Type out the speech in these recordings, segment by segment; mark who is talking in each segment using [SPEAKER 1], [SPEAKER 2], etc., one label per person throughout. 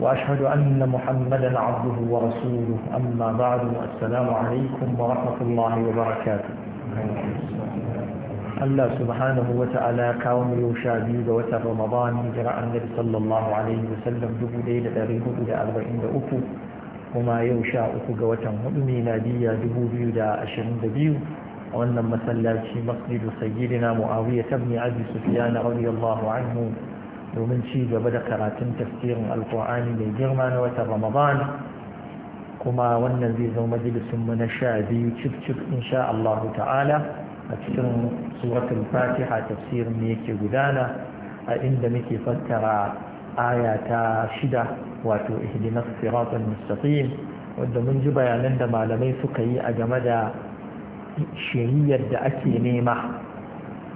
[SPEAKER 1] وأشهد أن محمدا عبده ورسوله أما بعد السلام عليكم ورحمة الله وبركاته Allah subhanahu wa ta'ala kawo mu yau sha biyu ga wata ramadani jira annabi sallallahu alaihi wa sallam dubu da hudu da da uku kuma yau sha uku ga watan hudu miladiyya dubu biyu da ashirin da biyu a wannan masallaci masjidu sayyidina mu'awiyah tabni abi sufyan radiyallahu anhu domin ci gaba da karatun tafsirin alkur'ani mai girma na watan ramadan kuma wannan zai zama majalisun mu na sha biyu cif insha Allah ta'ala a cikin suratul fatiha tafsirin ne yake gudana a inda muke fassara aya ta shida wato ihdinas siratal mustaqim wanda mun ji bayanan da malamai suka yi a game da shiriyar da ake nema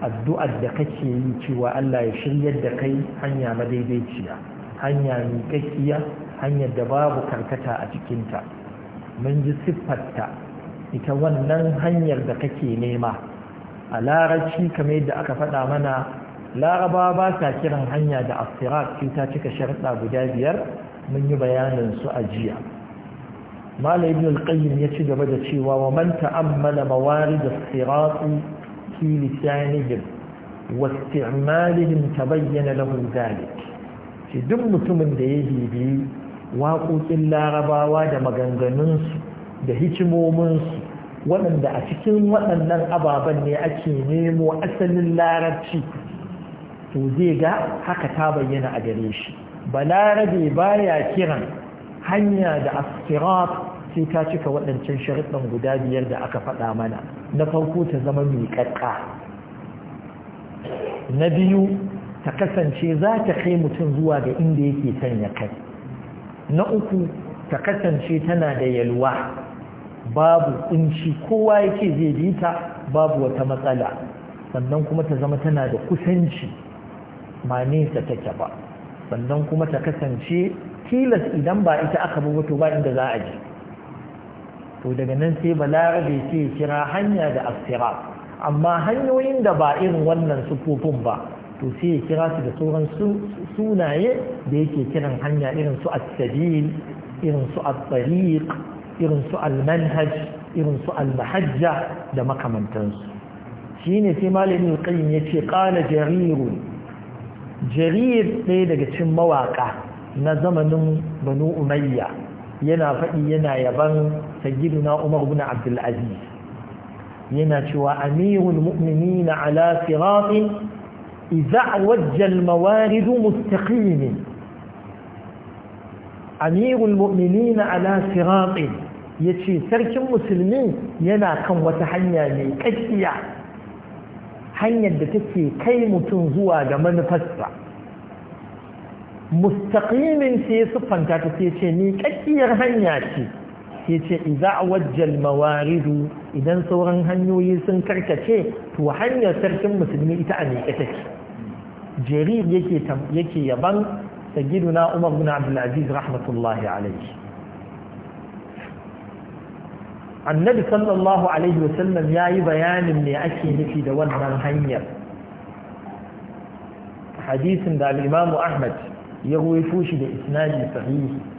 [SPEAKER 1] addu'ar da kake yi cewa Allah ya shiryar da kai hanya madaidaiciya hanya miƙaƙƙiya hanyar da babu karkata a cikinta mun ji siffarta ita wannan hanyar da kake nema a larabci kamar yadda aka faɗa mana laraba ba sa kiran hanya da asirat sai ta cika sharɗa guda biyar mun yi bayanin su a jiya malam ibn al-qayyim ya ci gaba da cewa wa man ta'ammala mawarid as-sirat في لسانهم واستعمالهم تبين لهم ذلك في دم متمن ديهي بي واقو إلا رباوا واد مغنغننس دا هجمومنس ومن دا أتكين ومن نن أبابا أكينيم وأسل اللاربشي to zai ga haka ta bayyana a gare shi balarabe baya kiran sai ta cika waɗancan sharuɗan guda biyar da aka faɗa mana na farko ta zama miƙaƙƙa na biyu ta kasance za ta kai mutum zuwa ga inda yake son ya kai na uku ta kasance tana da yalwa babu kunci kowa yake zai bi ta babu wata matsala sannan kuma ta zama tana da kusanci ma nesa take ba sannan kuma ta kasance tilas idan ba ita aka bi wato ba inda za a je to daga nan sai balarabe ce kira hanya da asirat amma hanyoyin da ba irin wannan sufofin ba to sai ya kira su da sauran sunaye da yake kiran hanya irin su as-sabil irin su at irin su al irin su al-mahajja da makamantansu shine sai malamin ya yace qala jariru. jarir ɗaya daga cikin mawaƙa na zamanin banu umayya yana faɗi yana yaban sayyiduna umar bin Abdulaziz yana cewa amirul mu'minina ala siratin idza wajja al mawarid mustaqim amirul yace sarkin musulmi yana kan wata hanya mai kakkiya hanyar da take kai mutum zuwa da manufarsa mustaqimin sai siffanta ta sai ce ni kakkiyar hanya ce sai ce iza wajjal mawaridu idan sauran hanyoyi sun karkace to hanyar sarkin musulmi ita a miƙe take jarir yake yaban sayyiduna umar bin abdul rahmatullahi alaihi annabi sallallahu alaihi wasallam yayi bayanin me ake nufi da wannan hanyar hadisin da al ahmad ya ruwaito shi da isnadi sahihi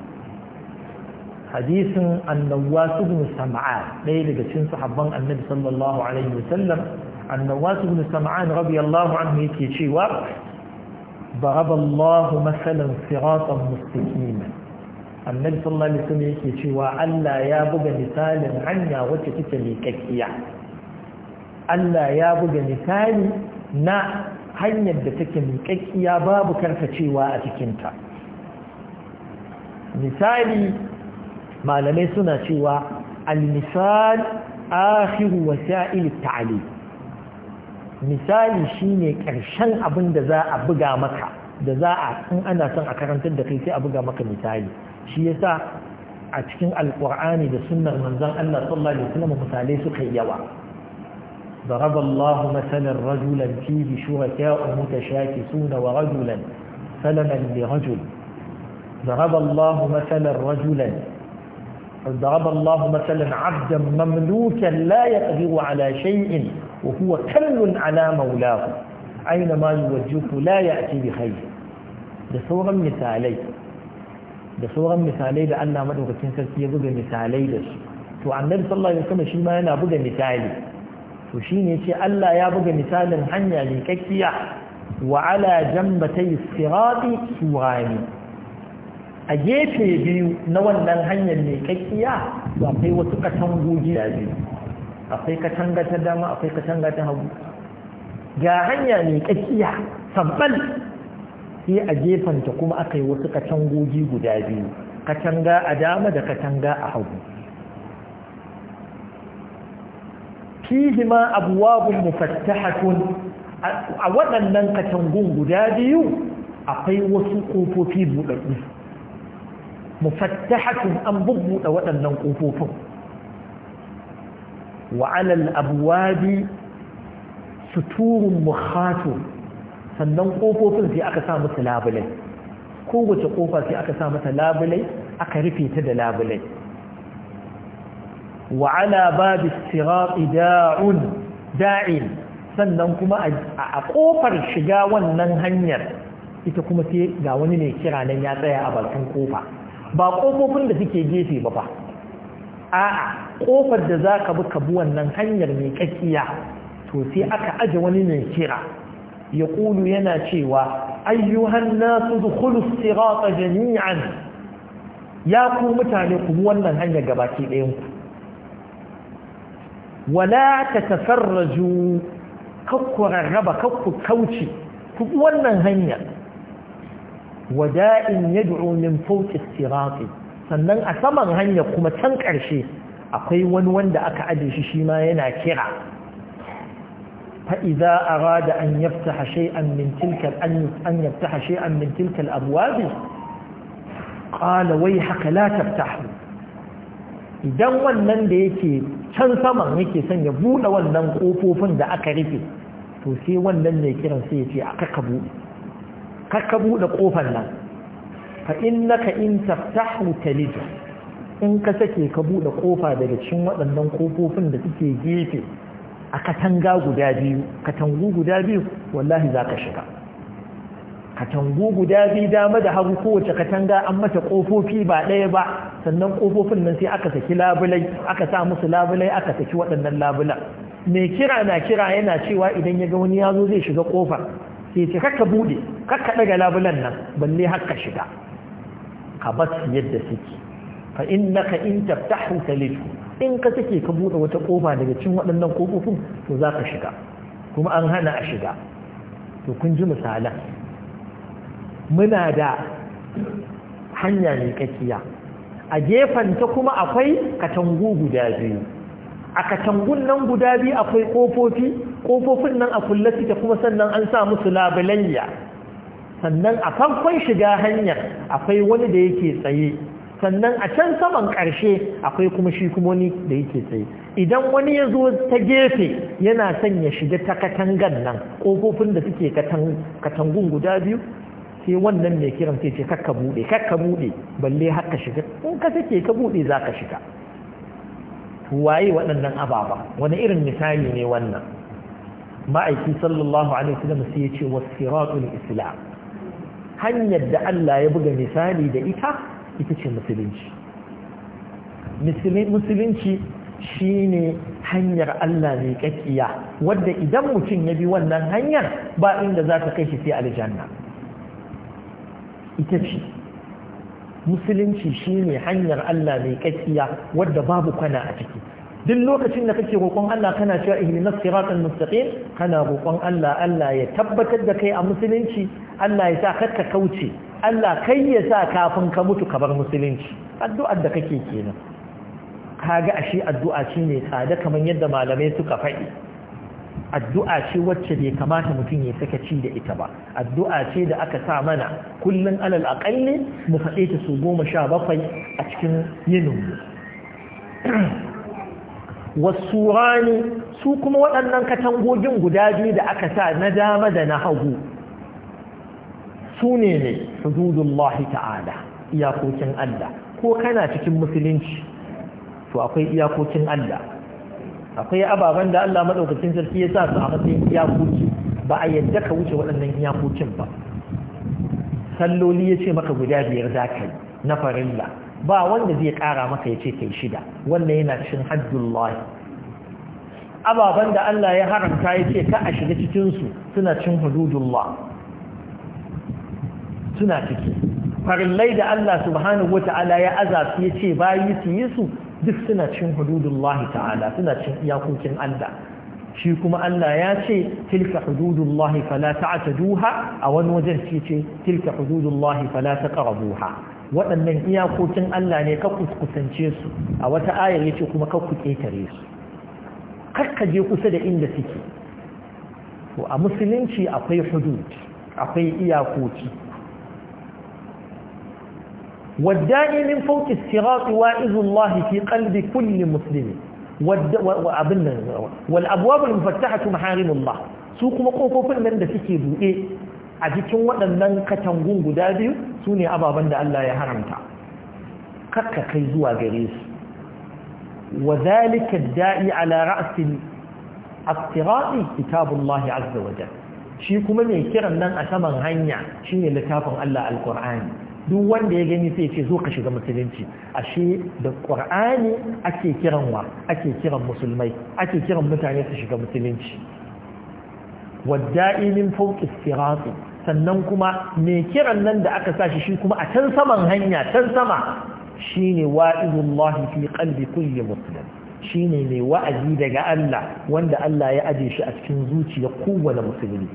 [SPEAKER 1] hadisin annawas ibn sam'an ɗaya daga cikin sahabban annabi sallallahu alaihi wasallam annawas ibn rabi radiyallahu anhu yake cewa ضرب الله مثلا صراطا مستقيما النبي صلى الله عليه وسلم yake cewa Allah ya buga misalin hanya wacce take likakkiya Allah ya buga misali na hanyar da take likakkiya babu karkacewa a cikinta misali malamai suna cewa al-misal akhiru wasa'il ta'lim misali shine karshen abin da za a buga maka da za a in ana son a karantar da kai sai a buga maka misali shi yasa a cikin alqur'ani da sunnar manzon Allah sallallahu alaihi wasallam misalai suka yawa ضرب الله مثلا رجلا فيه شركاء متشاكسون ورجلا سلما لرجل ضرب الله مثلا رجلا ضرب الله مثلا عبدا مملوكا لا يقدر على شيء وهو كل على مولاه أينما يوجهه لا يأتي بخير da sauran misalai da sauran misalai da Allah madaukakin sarki ya buga misalai da su to annabi sallallahu alaihi wasallam shi yana buga misali to shine ce Allah ya buga misalin hanya ne kakkiya jan ala jambatay a gefe biyu na wannan hanyar mai kakkiya to akwai wasu katangogi da biyu akwai katanga ta dama akwai katanga ta hagu ga hanya mai kakkiya sabbal sai a gefanta kuma aka yi wasu katangogi guda biyu katanga a dama da katanga a hagu ma abuwabun mufattahatun a waɗannan katangun guda biyu akwai wasu kofofi buɗaɗɗu mufattahatun an bubbuɗe waɗannan ƙofofin wa alal abuwabi suturun muhatu sannan ƙofofin sai aka sa musu labulai kowace ƙofa sai aka sa mata labulai aka rufe ta da labulai wa'ala ala babi da'in sannan kuma a ƙofar shiga wannan hanyar ita kuma sai ga wani ne kira nan ya tsaya a bakin ƙofa ba ƙofofin da suke gefe ba ba a'a ƙofar da za ka bi ka bi wannan hanyar mai ƙaƙiya to sai aka aje wani mai kira ya ƙulu yana cewa ayyuhan nasu dukulu sirata jami'an ya ku mutane ku bi wannan hanyar gabaki ɗayan ku wala ta tafarraju raba rarraba kakku kauce ku bi wannan hanyar wada'in yad'u min fawqi sirati sannan a saman hanya kuma can karshe akwai wani wanda aka aje shi shi ma yana kira fa idza arada an yaftaha shay'an an an yaftaha shay'an min tilka al la idan wannan da yake can saman yake son ya buɗe wannan ƙofofin da aka rufe to sai wannan ne kiran sai ya aka ka buɗe kakka buɗe ƙofar nan fa innaka in taftahu talid in ka sake ka buɗe ƙofa daga cikin waɗannan ƙofofin da suke gefe a katanga guda biyu katangu guda biyu wallahi za ka shiga katangu guda biyu dama da hagu kowace katanga an mata ƙofofi ba ɗaya ba sannan ƙofofin nan sai aka saki labulai aka sa musu labulai aka saki waɗannan labulan mai kira na kira yana cewa idan ya ga wani ya zo zai shiga ƙofar sai ce kakka bude kakka daga labulan nan balle hakka shiga ka bas yadda suke fa innaka in taftahu talifu in ka take ka bude wata kofa daga cikin waɗannan kofofin to za ka shiga kuma an hana a shiga to kun ji misalan muna da hanya ne kakiya a gefen ta kuma akwai katangu guda biyu a katangun nan guda biyu akwai ƙofofi ƙofofin nan a kulle suke kuma sannan an sa musu labulayya sannan a farkon shiga hanyar akwai wani da yake tsaye sannan a can saman ƙarshe akwai kuma shi kuma wani da yake tsaye idan wani ya zo ta gefe yana son ya shiga ta katangan nan ƙofofin da suke katangun guda biyu sai wannan mai kiran sai ce kakka buɗe kakka buɗe balle haka shiga in ka sake ka buɗe za ka shiga waye waɗannan ababa wani irin misali ne wannan ma'aiki sallallahu alaihi wasallam sai ya ce wasiratul islam hanyar da Allah ya buga misali da ita ita ce musulunci musulunci shine hanyar Allah mai kakkiya wanda idan mutum ya bi wannan hanyar ba inda za kai shi sai aljanna ita ce musulunci shine hanyar Allah mai kaskiya wadda babu kwana a ciki duk lokacin da kake roƙon Allah kana cewa ihdinas siratal mustaqim kana roƙon Allah Allah ya tabbatar da kai a musulunci Allah ya sa ka kauce Allah kai ya sa kafin ka mutu ka musulunci addu'ar da kake kenan Ka kaga ashe addu'a shine tsada kamar yadda malamai suka faɗi addu'a ce wacce bai kamata mutum ya sakaci da ita ba addu'a ce da aka sa mana kullum alal aƙalli mu faɗe ta su goma sha bakwai a cikin yinin wasu rani su kuma waɗannan katangogin guda biyu da aka sa na dama da na hagu su ne ne hududullahi ta'ala iyakokin Allah ko kana cikin musulunci to akwai iyakokin Allah akwai ababen da Allah madaukakin sarki ya sa su a matsayin iyakoki ba a yadda ka wuce waɗannan iyakokin ba salloli ya ce maka guda biyar za ka yi na farilla ba wanda zai ƙara maka ya ce kai shida wannan yana cikin haddullahi ababen da Allah ya haramta ya ce ka a shiga cikinsu suna cin hududullah suna ciki farillai da Allah subhanahu wa ta'ala ya aza su ya ce bayi su yi su duk suna cin hududullahi ta'ala suna cin iyakokin Allah shi kuma Allah ya ce tilka hududullahi fala ta'taduha a wani wajen ce ce tilka hududullahi fala taqrabuha waɗannan iyakokin Allah ne ka kuskusance su a wata aya yace kuma ka ku ketare su kakka je kusa da inda suke to a musulunci akwai hudud akwai iyakoki والداعي من فوق الصراط واعظ الله في قلب كل مسلم والابواب المفتحه محارم الله su kuma kofofin nan da suke buɗe a cikin waɗannan katangun guda biyu su ne ababen da Allah ya haramta kakka kai zuwa gare su wa zalika da'i ala ra'sin as kitabullahi azza wa shi kuma mai kiran nan a saman hanya shine littafin Allah alqur'ani duk wanda ya gani sai ce zo ka shiga musulunci ashe da qur'ani ake kiran wa ake kiran musulmai ake kiran mutane su shiga musulunci wadda'i min fawqi sirati sannan kuma mai kiran nan da aka sashi shi kuma a can saman hanya can sama shine wa'idullahi fi qalbi kulli muslim shine mai wa'azi daga Allah wanda Allah ya aje shi a cikin zuciya kowane musulmi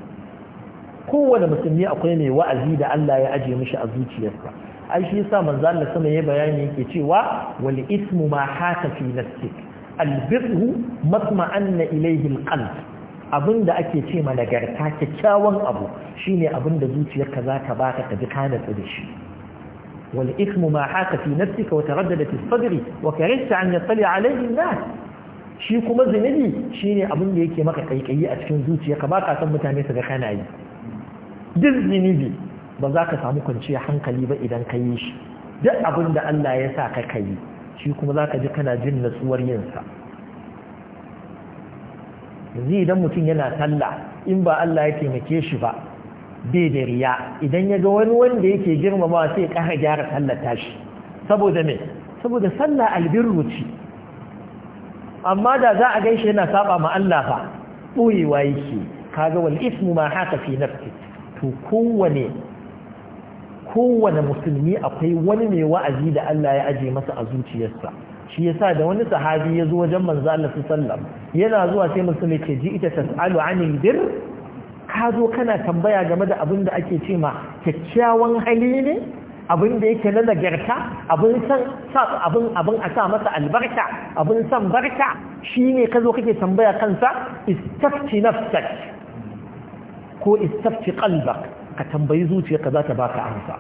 [SPEAKER 1] kowane musulmi akwai mai wa'azi da Allah ya aje mishi a zuciyarsa ai shi yasa manzo Allah sama ya bayani yake cewa wal ismu ma haka fi nafsik al birru anna ilayhi al qalb abinda ake ce ma nagarta kyakkyawan abu shine abinda zuciyarka zaka baka ka ji ka da shi wal ismu ma haka fi nafsika wa taraddadat fi sadri wa karihta an alayhi nas shi kuma zinubi shine abinda yake maka kaikayi a cikin zuciyarka baka san mutane su ga kana yi duk zunubi ba za ka samu kwanciyar hankali ba idan ka yi shi duk abin da Allah ya sa ka kai shi kuma za ka ji kana jin natsuwar yinsa yanzu idan mutum yana sallah in ba Allah ya taimake shi ba bai da riya idan ya ga wani wanda yake girmama sai ya kara gyara sallar tashi saboda me saboda sallah albirru ce amma da za a gaishe yana saba ma Allah fa boyewa yake kaga wal ismu ma haka fi nafsik to kowane kowane musulmi akwai wani mai wa'azi da Allah ya aje masa a zuciyarsa shi yasa da wani sahabi ya zo wajen manzo Allah sallam yana zuwa sai musulmi ke ji ita tas'alu anil bir ka zo kana tambaya game da abin da ake ce ma kyakkyawan hali ne abin da yake na nagarta abin san abin abin a sa masa albarka abin san barka shine ka zo kake tambaya kansa istafti nafsak ko istafti qalbak ka tambayi zuciyarka za ta baka amsa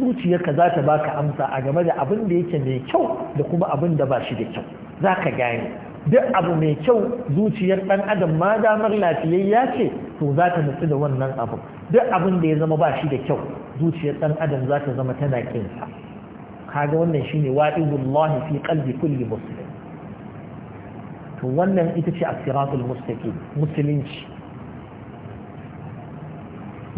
[SPEAKER 1] zuciyarka za ta baka amsa a game da abin da yake mai kyau da kuma abin da ba shi da kyau za ka gane duk abu mai kyau zuciyar ɗan adam ma damar lafiyayya ce to za ta nutsu da wannan abu duk abin da ya zama ba shi da kyau zuciyar ɗan adam za ta zama tana kinsa kaga wannan shine wa'idullahi fi qalbi kulli muslim to wannan ita ce as-siratul mustaqim musulunci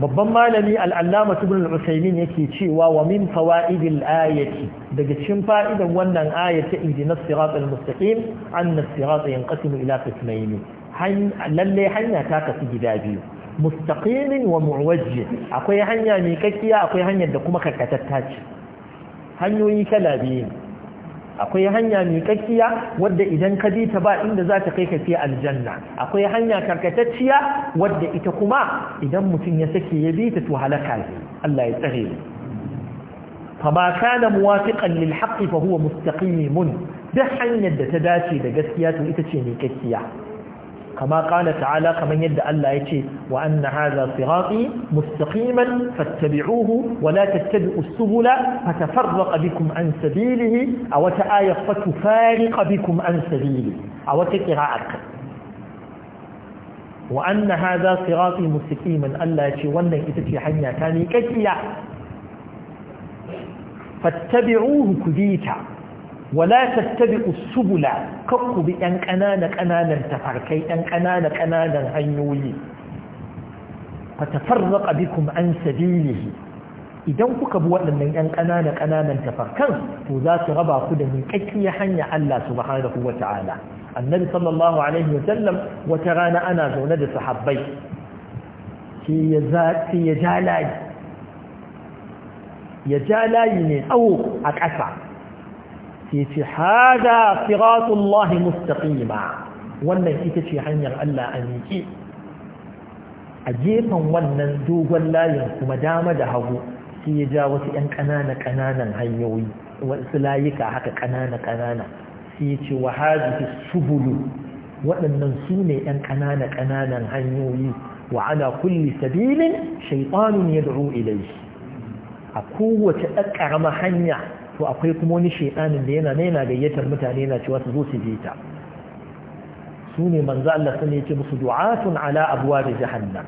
[SPEAKER 1] babban malami al'allama ibn al yake cewa wa min fawaidil ayati daga cikin fa'idan wannan ayati ihdina as-siratal mustaqim anna as-sirata yanqasimu ila qismayn lalle hanya ta kasu gida biyu mustaqimin wa muwajjih akwai hanya mai kakkiya akwai hanyar da kuma karkatatta hanyoyi kala biyu akwai hanya miƙaƙiya wadda idan ka bi ta ba inda za ta kai ka fi aljanna akwai hanya karkatacciya wadda ita kuma idan mutum ya sake ya bi ta to halaka ne Allah ya tsare mu fama kana muwafiqan lil haqqi fa huwa mustaqimun duk hanyar da ta dace da gaskiya to ita ce miƙaƙiya kama qala ta'ala kaman yadda Allah ya ce wa anna hadha sirati mustaqiman fattabi'uhu wa la tattabi'u subula fatafarraqa bikum an sabilihi aw ta'aya fatufariqa bikum an sabilihi aw ta'ira'at wa anna hadha sirati mustaqiman Allah ya ce wannan ita ce hanya ta ne kakkiya fattabi'uhu kudita ولا تتبعوا السبل kakku bi ɗan ƙananan ƙananan tafarkai ɗan ƙananan ƙananan hanyoyi fa tafarraqa bikum an sabilihi idan kuka bi waɗannan ɗan ƙananan ƙananan tafarkan to za su raba ku da miƙaƙƙiyar hanya Allah subhanahu wata'ala annabi sallallahu alaihi wa sallam wata rana ana zaune da sahabbai sai ya ja layi ya ja layi ne tsawo a ƙasa sai ce hada siratullahi mustaqima wannan ita ce hanyar Allah a miƙe a gefen wannan dogon layin kuma dama da hagu sai ya ja wasu 'yan ƙanana-ƙananan hanyoyi wasu layuka haka ƙanana-ƙanana sai ya ce wa hajji subulu waɗannan su ne 'yan ƙanana-ƙananan hanyoyi wa ana kulli sabilin shaitanun ya da'u ilai a kowace ɗan ƙarama hanya to akwai kuma wani shaidanin da yana yana gayyatar mutane yana cewa su zo su je ta su ne manzo Allah sun yace musu du'atun ala abwab jahannam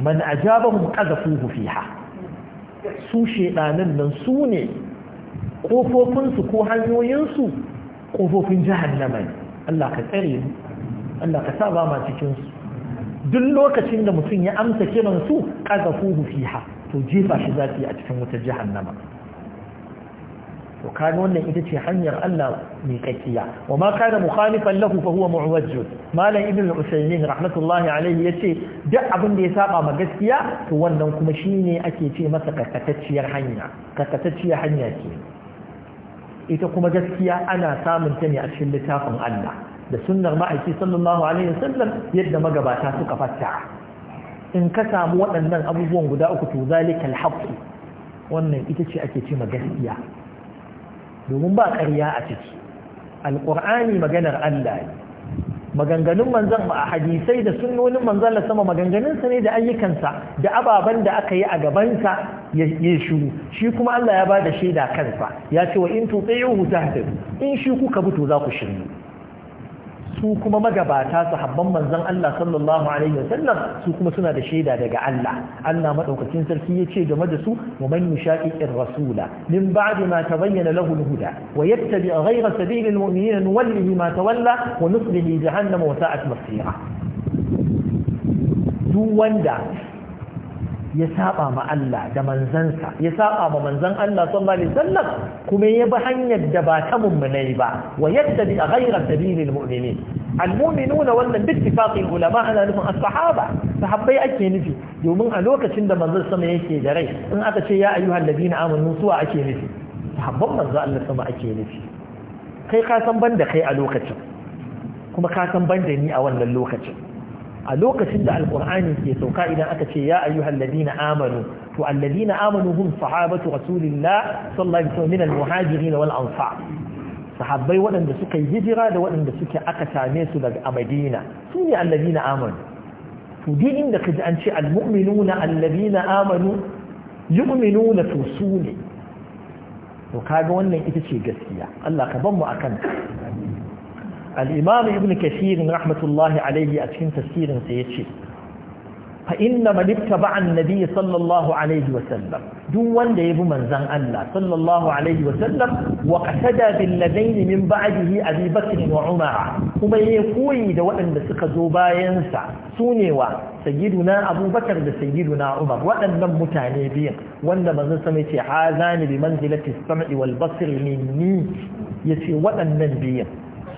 [SPEAKER 1] man ajabahum qadhafuhu fiha su shaidanin nan su ne kofofin su ko hanyoyin su kofofin jahannama ne Allah ka tsare mu Allah ka sa ba ma cikin su duk lokacin da mutum ya amsa kiran su qadhafuhu fiha to jefa shi zafi a cikin wutar jahannama to kana wannan ita ce hanyar Allah mai kakkiya wa ma kana mukhalifan lahu fa huwa mu'wajj malam ibn usaymin rahmatullahi alayhi yace duk abin da ya saba ma gaskiya to wannan kuma shine ake ce masa kakatacciyar hanya kakatacciyar hanya ce ita kuma gaskiya ana samun ta ne a cikin littafin Allah da sunnar ma'aiki sallallahu alaihi wasallam yadda magabata suka fassara in ka samu waɗannan abubuwan guda uku to zalikal haqqi wannan ita ce ake ce ma gaskiya domin ba ƙarya a ciki alƙur'ani maganar Allah ne maganganun manzan a hadisai da sunnonin manzan la sama maganganunsa ne da ayyukansa da ababen da aka yi a gabansa ya shuru shi kuma Allah ya ba da shaida kansa ya ce wa in tutsiyu tahtadu in shi kuka buto za ku shiryu su kuma magabata sahabban manzon Allah sallallahu alaihi wasallam su kuma suna da shaida daga Allah Allah madaukakin sarki yace game da su wa man yushaqiqir rasula min ba'di ma tabayyana lahu al-huda wa yattabi ghayra sabili al-mu'minina nuwallihi ma tawalla wa nuslihi jahannama wa sa'at masira duk wanda ya saba ma Allah da manzansa ya saba ma manzan Allah sallallahu alaihi wasallam kuma ya bi hanyar da ba ta mummunai ba wa yattabi ghayra sabilil mu'minin almu'minuna wannan bittifaqi ulama ana nufin as-sahaba sahabbai ake nufi domin a lokacin da manzon sama yake da rai in aka ce ya ayyuhal ladina amanu suwa ake nufi sahabban manzon Allah sama ake nufi kai ka san banda kai a lokacin kuma ka san banda ni a wannan lokacin a lokacin da alkur'ani ke sauka idan aka ce ya ayyuhal ladina amanu to alladina amanu hum sahabatu rasulillah sallallahu alaihi wasallam min almuhajirin wal ansar sahabbai waɗanda suka yi hijira da waɗanda suke aka same su daga Madina su ne alladina amanu to duk inda kaji an ce almu'minuna alladina amanu yu'minuna to su ne to kaga wannan ita ce gaskiya Allah ka ban mu akan al’imam ibn kashirin rahmatullahi alaihi a cikin tasirin sa ya ce fa’inna malibta ba’an nabi sallallahu alaihi wasallam duk wanda ya bi manzan Allah sallallahu alaihi wasallam wa min ba’adihi a ribakin wa umara kuma ya koyi da waɗanda suka zo bayansa sune ne wa sayiduna abubakar da na umar waɗannan mutane biyan wanda manzan sama ce ha zani bi manzilati sam'i wal basir minni ya ce waɗannan biyan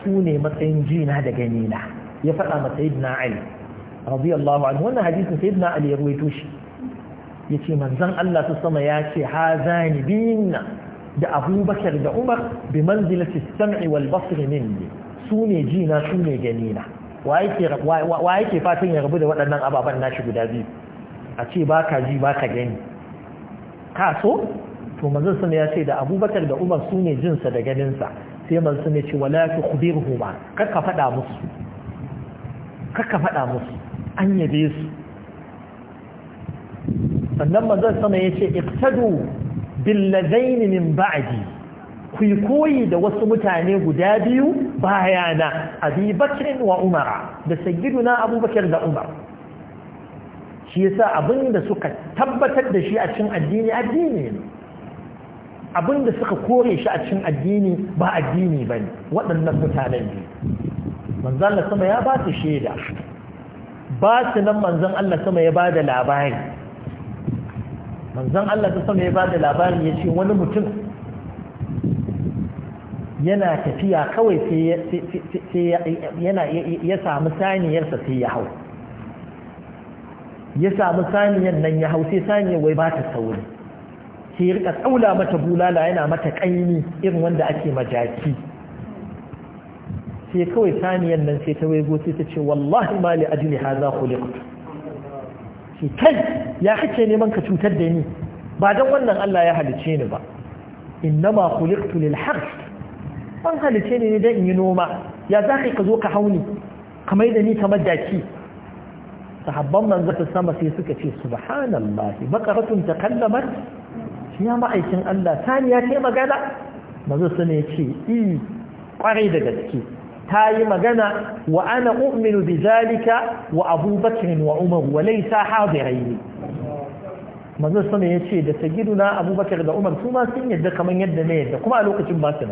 [SPEAKER 1] su ne matsayin jina da ganina ya faɗa ma sayyidina ali radiyallahu anhu wannan hadisin sayyidina ali ya ruwaito shi yace manzon Allah su sama ya ce ha hazani binna da abubakar da umar bi su sam'i wal basri ne su ne jina su ne ganina wa yake fatan ya rabu da waɗannan ababen nashi guda biyu a ce ba ka ji ba ka gani ka so to manzon sama ya ce da abubakar da umar su ne jinsa da ganinsa sai mansu ya ce wala ta kudir huma kakka faɗa musu kaka faɗa musu an yabe su sannan manzon sama ya ce iqtadu billadain min ba'di ku yi koyi da wasu mutane guda biyu bayana abi bakrin wa umara da sayyiduna abubakar da umar shi yasa abin da suka tabbatar da shi a cikin addini addini ne Abin da suka kore shi a cikin addini ba addini ba ne waɗannan mutanen ne manzan Allah sama ya ba su shaida ba su nan manzan Allah sama ya ba da labari manzan Allah sama ya ba da labari ya ce wani mutum yana tafiya kawai sai ya samu saniyarsa sai ya hau ya samu saniyar nan ya hau sai saniyar wai ba ta sauri sai rika tsaula mata bulala yana mata kaini irin wanda ake majaki sai kawai saniyan nan sai ta wego sai ta ce wallahi ma li ajli hadha
[SPEAKER 2] khuliqtu
[SPEAKER 1] kai ya kace neman ka cutar da ni ba dan wannan Allah ya halice ni ba innama khuliqtu lil harf an halice ni ne dan in yi noma ya zaka ka zo ka hauni kamar da ni kamar daki sahabban manzo sama sai suka ce subhanallahi baqaratun takallamat ya ma'aikin Allah Sani ya ce magana mazo su ne ce i e, kwarai da gaske ta yi magana wa ana umminu bi zalika wa abubakar wa umar wa laisa hadirai ne su ne ya ce da sagiduna abubakar da umar su sun yadda kamar yadda na yadda kuma a lokacin ba su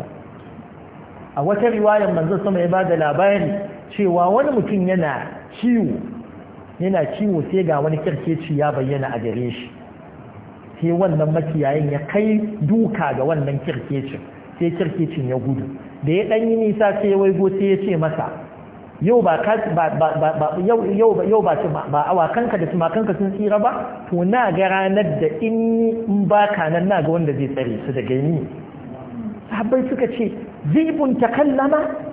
[SPEAKER 1] a wata riwayar manzon sama ya da labari cewa wani mutum yana ciwo yana ciwo sai ga wani kirkeci ya bayyana a gare shi sai wannan makiyayin ya kai duka ga wannan kirkecin sai kirkecin ya gudu da ya ɗanyi nisa sai ya waigo sai ya ce masa yau ba awakanka da tumakanka sun tsira ba to na ga ranar da in ba ka nan na ga wanda zai tsare su daga ni sabai suka ce zibun kallama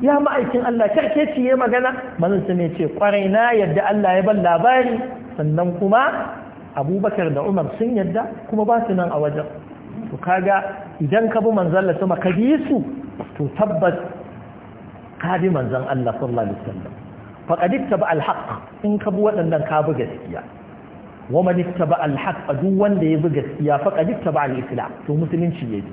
[SPEAKER 1] ya ma'aikin Allah kirkeci ya magana manzon sai ce kwarai na yadda Allah ya ban labari sannan kuma abubakar da umar sun yadda kuma ba su nan a wajen to kaga idan ka bi manzan Allah sama ka bi su to tabbas ka bi manzan Allah sallallahu alaihi wasallam faqad ittaba al-haqq in ka bi waɗannan ka bi gaskiya wa man ittaba al-haqq duk wanda ya bi gaskiya faqad ittaba al-islam to musulunci ya bi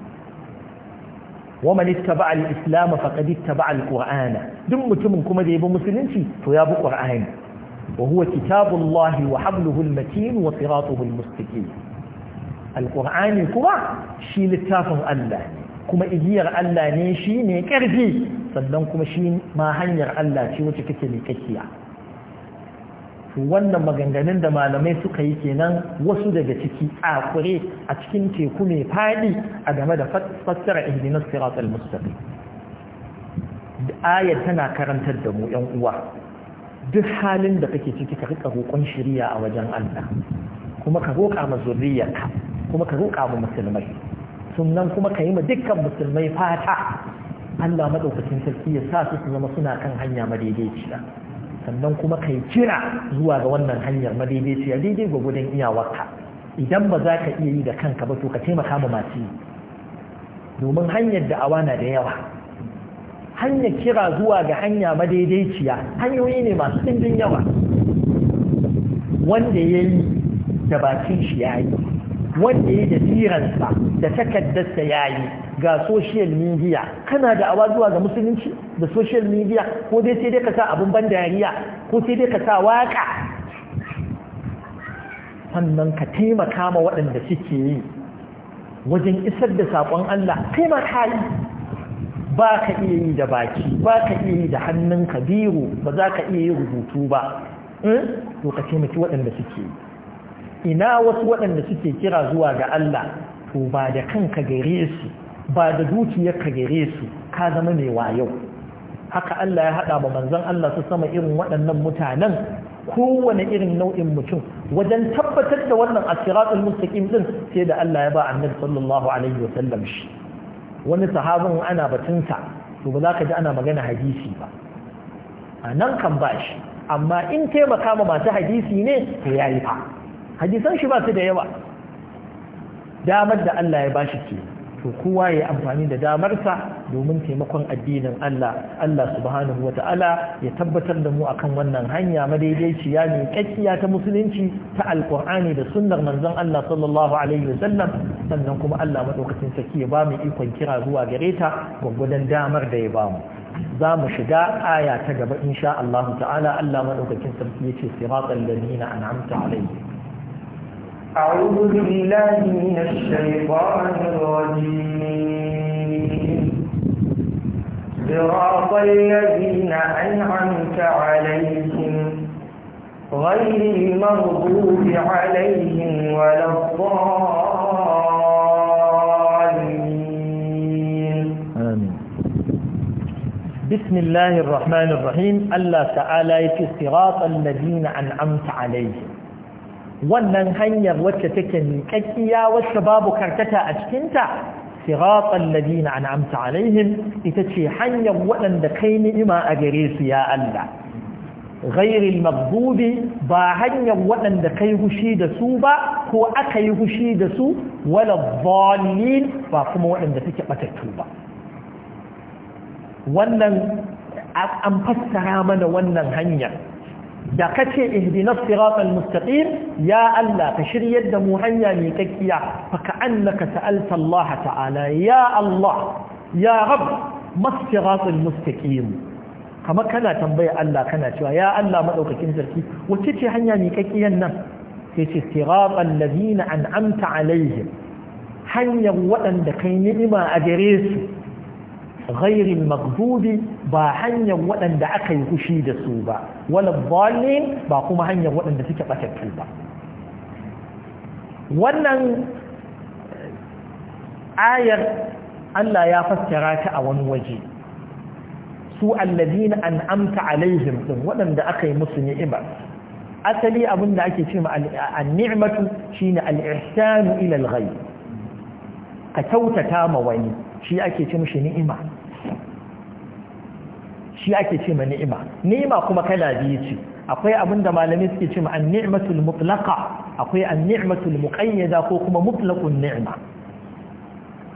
[SPEAKER 1] wa man ittaba al-islam faqad ittaba al-qur'ana duk mutumin kuma da ya bi musulunci to ya bi qur'ani wa كتاب الله وحبله المتين وصراطه المستقيم القران كما شي لتافن الله kuma igiyar Allah ne shi ne كرفي sannan kuma shi ma hanyar Allah ce wacce kake mai wannan maganganun da malamai suka yi kenan wasu daga ciki a kure a cikin teku mai faɗi a game da fassara ihdinas siratal mustaqim ayat tana karantar da mu ƴan uwa duk halin da kake ciki ka rika roƙon shiriya a wajen Allah kuma ka roƙa ma zuriyarka kuma ka roƙa ma musulmai sannan kuma ka yi ma dukkan musulmai fata Allah madaukakin sarki ya sa su zama suna kan hanya madaidaiciya sannan kuma ka yi kira zuwa ga wannan hanyar madaidaiciya daidai gudun iyawarka idan ba za ka iya yi da kanka ba to ka taimaka ma masu domin hanyar da'awa na da yawa hanyar kira zuwa ga hanya madaidaiciya hanyoyi ne masu ɗimbin yawa wanda ya yi da bakin shi ya yi wanda ya yi da tsiransa da takaddarsa ya yi ga social media kana da awa zuwa ga musulunci da social media ko dai sai dai ka sa abin ban dariya ko sai dai ka sa waka sannan ka taimaka ma waɗanda suke yi wajen isar da saƙon Allah kai yi ba ka iya yi da baki ba ka iya yi da hannunka biro ba za ka iya yi rubutu ba hmm? to ka taimaki waɗanda suke ina wasu waɗanda suke kira zuwa ga Allah to ba da kanka gare su ba da dukiyarka gare su ka zama mai wayo haka Allah ya haɗa ba manzon Allah su sama irin waɗannan mutanen kowane irin nau'in mutum wajen tabbatar da wannan asiratul mustaqim din sai da Allah ya ba annabi sallallahu alaihi wasallam shi wani sahabin ana batunsa to ba za ka ji ana magana hadisi ba a nan kan ba shi amma in taimaka ma masu hadisi ne to ya yi fa hadisan shi ba su da yawa damar da Allah ya ba shi kenan to kowa ya amfani da damarsa domin taimakon addinin Allah Allah subhanahu wa ta'ala ya tabbatar da mu akan wannan hanya madaidaiciya mai kakkiya ta musulunci ta alkur'ani da sunnar manzon Allah sallallahu alaihi wa sallam sannan kuma Allah madaukakin sarki ya ba mu ikon kira zuwa gare ta gwaggwadon damar da ya ba mu za mu shiga aya ta gaba insha Allah ta'ala Allah madaukakin sarki yace siratal ladina an'amta alaihim
[SPEAKER 2] أعوذ بالله من الشيطان
[SPEAKER 1] الرجيم صراط الذين أنعمت عليهم غير المغضوب عليهم ولا الضالين آمين بسم الله الرحمن الرحيم الله تعالى يكي صراط الذين أنعمت عليهم wannan hanyar wacce take miƙaƙiya wacce babu karkata a cikinta siratan ladina an'amta alaihim ita ce hanyar waɗanda kai ni'ima a gare su ya Allah Gairin maghdubi ba hanyar waɗanda kai hushi da su ba ko aka yi hushi da su wala dhallin ba kuma waɗanda take batattu ba wannan an fassara mana wannan hanyar da kace ihdinas siratal mustaqim ya Allah ka shiryar da mu hanya mai kakkiya fa ka annaka sa'alta Allah ta'ala ya Allah ya rabb masiratul mustaqim kama kana tambaya Allah kana cewa ya Allah madaukakin sarki wacce ce hanya mai kakkiyan nan sai ce siratal ladina an'amta alaihim hanyar waɗanda kai ni'ima a gare su ghairil maghdubi ba hanyar waɗanda aka yi kushi da su ba wala dhalin ba kuma hanyar waɗanda suke batattu ba wannan ayar Allah ya fassara ta a wani waje su alladina an'amta alaihim din waɗanda aka yi musu ni'ima asali abin da ake cewa a nimatu shine al-ihsanu ila al-ghayr kyautata ma wani shi ake ce mishi ni'ima shi ake ce ma ni'ima ni'ima kuma kala biyu ce akwai abin da malamai suke ce ma an-ni'matul mutlaqa akwai an-ni'matul muqayyada ko kuma mutlaqun ni'ima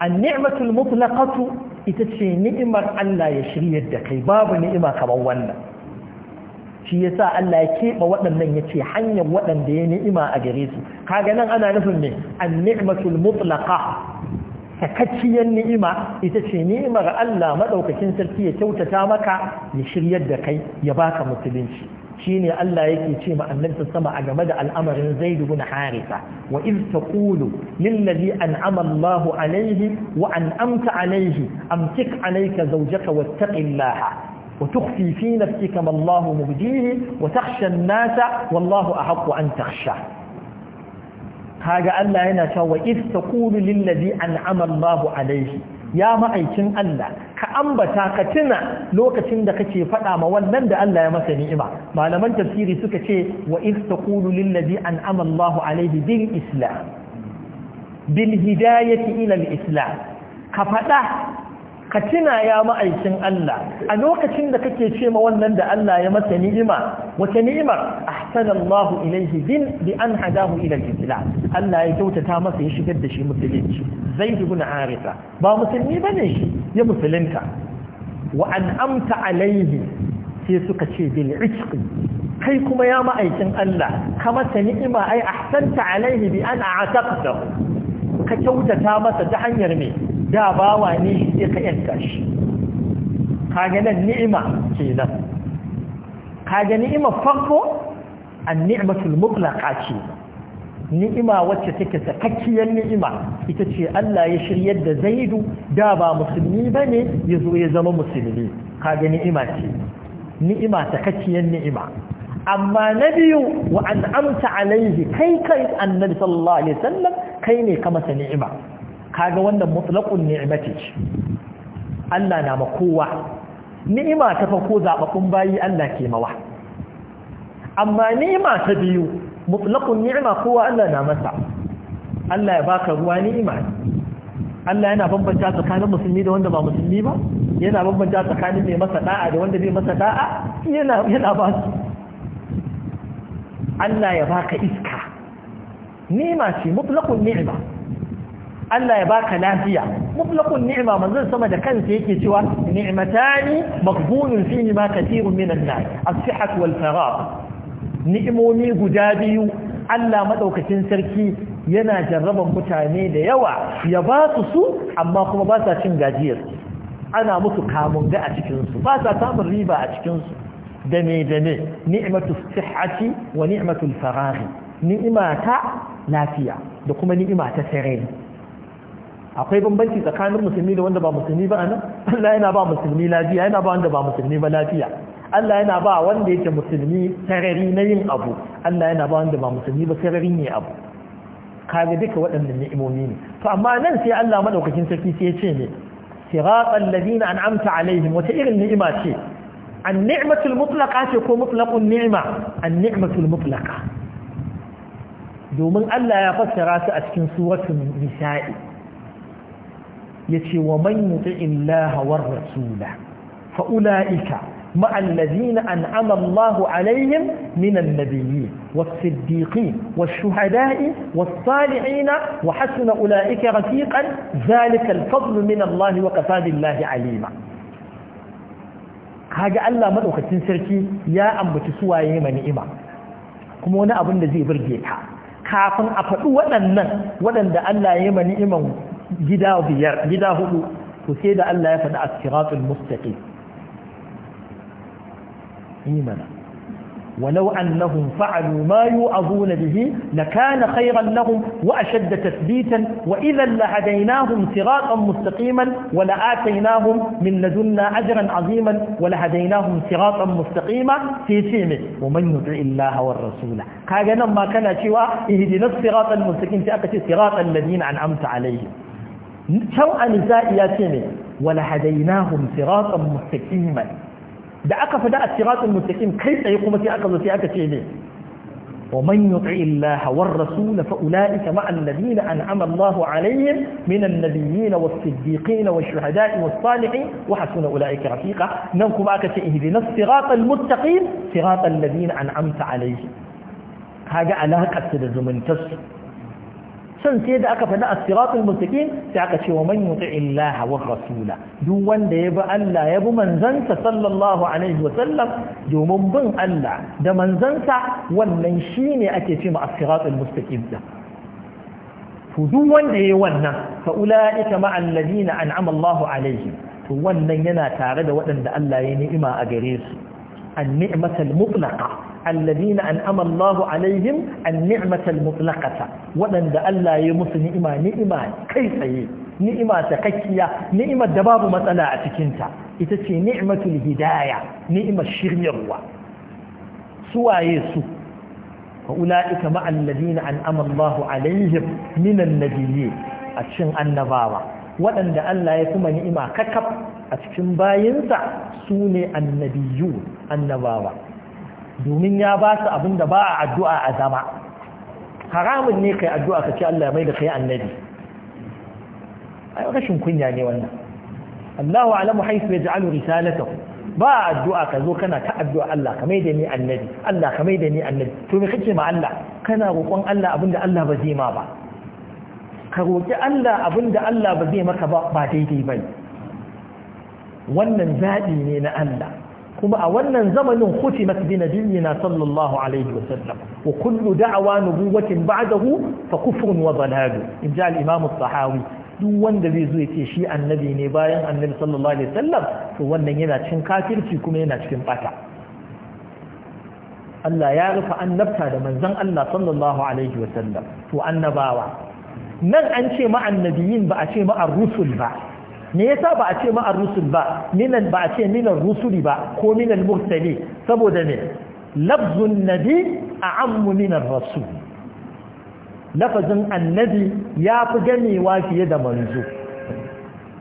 [SPEAKER 1] an-ni'matul mutlaqatu ita ce ni'imar Allah ya shiryar da kai babu ni'ima kamar wannan shi yasa Allah ya keɓe waɗannan ya ce hanyar waɗanda ya ni'ima a gare su kaga nan ana nufin ne an-ni'matul mutlaqa sakacciyar ni'ima ita ce ni'imar Allah maɗaukakin sarki ya kyautata maka ya shiryar da kai ya baka musulunci shine Allah yake ce ma annabi sama a game da al'amarin Zaid na Harisa. wa iz taqulu lil ladhi an'ama Allahu alayhi wa an'amta alayhi amsik wa zawjaka wattaqillaha وتخفي في نفسك ما الله مبديه وتخشى الناس wallahu أحق an تخشاه kaga Allah yana cewa wa istaqulu lillazi an'ama Allahu alayhi ya ma'aikin Allah ka ambata ka tuna lokacin da kake faɗa ma wannan da Allah ya masa ni'ima malaman tafsiri suka ce wa istaqulu lillazi an'ama Allahu alayhi bil islam bil hidayati ila al islam ka faɗa ka tuna ya ma'aikin Allah a lokacin da kake ce ma wannan da Allah ya masa ni'ima wata ni'imar ahsanallahu ilayhi din bi an hadahu ila al Allah ya kyautata masa ya shigar da shi musulunci zaid ibn Arisa. ba musulmi bane shi ya musulunta wa an'amta alayhi sai suka ce bil kai kuma ya ma'aikin Allah ka masa ni'ima ai ahsanta alaihi bi an a'taqta ka kyautata masa ta hanyar me da bawa ne shi sai ka yanka shi kaga nan ni'ima kenan kaga ni'ima farko an-ni'matul mutlaqa ce ni'ima wacce take sakakkiyar ni'ima ita ce Allah ya shiryar da Zaidu da ba musulmi bane yazo ya zama musulmi kaga ni'ima ce ni'ima sakakkiyar ni'ima amma na biyu wa an amta alaihi kai kai annabi sallallahu alaihi wasallam kai ne ka masa ni'ima kaga wannan mutlaqun ni'mati Allah na ma kowa ni'ima ta farko zababbun bayi Allah ke mawa amma ni'ima ta biyu mutlaqun ni'ma kowa Allah na masa Allah ya baka ruwa ni'ima Allah yana bambanta tsakanin musulmi da wanda ba musulmi ba yana bambanta tsakanin mai masa da'a da wanda bai masa da'a yana yana ba Allah ya baka iska ni'ima ce mutlaqun ni'ma Allah ya baka lafiya mutlaqun ni'ma manzon sama da kansa yake cewa ni'matani maqbulun fihi ma katirun minan nas as-sihhat wal ni'imomi guda biyu Allah madaukakin sarki yana jarraban mutane da yawa ya ba su su amma kuma ba sa cin gajiyar ana musu kamun ga a cikin su ba sa samun riba a cikin su da me da me ni'matu sihhati wa ni'matu al-faragh ta lafiya da kuma ni'ima ta sarari akwai bambanci tsakanin musulmi da wanda ba musulmi ba nan? Allah yana ba musulmi lafiya yana ba wanda ba musulmi ba lafiya Allah yana ba wanda yake musulmi sarari na yin abu Allah yana ba wanda ba musulmi ba sarari ne abu kaga duka waɗannan ni'imomi ne to amma nan sai Allah madaukakin sarki sai ya ce ne siraqal ladina an'amta alaihim wata irin ni'ima ce an-ni'matul mutlaqa ce ko mutlaqun ni'ma an-ni'matul mutlaqa domin Allah ya fassara su a cikin suratul nisa'i ya ce wa manyan ta’in lahawar rasula fa’ula’ika ma’allazi na an’amar lahu alayhim minan nabiyi wasiddiƙi washuhada’i wasali’ina wa hasuna ula’ika rafiƙan zalikal fadlu min Allah wa ƙasa billahi alima kaga Allah maɗaukacin sarki ya ambaci su waye ma kuma wani abin zai burge ka kafin a faɗi waɗannan waɗanda Allah ya yi ma ni'iman gida هو gida hudu to sai da Allah ya ولو أنهم فعلوا ما يؤذون به لكان خيرا لهم وأشد تثبيتا وإذا لهديناهم صراطا مستقيما ولآتيناهم من لدنا أجرا عظيما ولهديناهم صراطا مستقيما في سيمه ومن يطع الله والرسول كاجا ما كان شواء اهدنا الصراط المستقيم تأكد صراط الذين أنعمت عليهم can a nisa'i ya ce ne wala hadainahum siratan mustaqiman da aka fada a siratan mustaqim kai tsaye kuma sai aka zo ومن يطع الله والرسول فأولئك مع الذين أنعم الله عليهم من النبيين والصديقين والشهداء والصالحين وحسن أولئك رفيقا ننكم أكثر إهدنا الصراط المتقين صراط الذين أنعمت عليهم هذا علاقة الزمن تسر san sai da aka faɗi as-siratul mustaqim sai aka ce wa man yuti illaha wa rasula duk wanda ya bi Allah ya bi manzansa sallallahu alaihi wa sallam domin bin Allah da manzansa wannan shine ake cewa as-siratul mustaqim da to duk wanda yayi wannan fa ulaika ma alladhina an'ama Allahu alaihim to wannan yana tare da waɗanda Allah ya ni'ima a gare su an-ni'matul mutlaqa alladina an'ama Allahu alaihim an-ni'matal mutlaqata wadanda Allah ya musu ni'ima ni'ima kai tsaye ni'ima sakakkiya ni'imar da babu matsala a cikin ta ita ce ni'matul hidaya ni'imar shiryarwa suwaye su فأولئك مع الذين أنعم الله عليهم من النبيين أتشن النباوة وأن الله يكون نئما ككب أتشن باينسع سوني النبيون annabawa. domin ya ba su abin da ba a addu'a a zama haramun ne kai addu'a ka ce Allah ya mai da kai annabi ai rashin kunya ne wannan Allahu alamu haifu ya ja'alu risalatahu ba addu'a ka zo kana ta addu'a Allah ka mai da ni annabi Allah ka mai da ni annabi to me kake ma Allah kana roƙon Allah abinda Allah ba zai ma ba ka roƙi Allah abinda Allah ba zai maka ba ba daidai bane wannan zaɓi ne na Allah kuma a wannan zamanin kuti bi na sallallahu alaihi wa sallam wa kullu da'wa nubuwatin ba'dahu fa kufrun wa dalal in ja al-imam sahawi duk wanda zai zo yace shi annabi ne bayan annabi sallallahu alaihi wasallam to wannan yana cikin kafirci kuma yana cikin bata Allah ya rufa annabta da manzon Allah sallallahu alaihi wasallam to annabawa nan an ce ma annabiyin ba a ce ma ar-rusul ba me yasa ba a ce ma'ar rusul ba minan ba a ce minan rusuli ba ko minan mursali saboda ne lafzun nabi a ammu minan rasul lafazin annabi ya fi ganewa fiye da manzo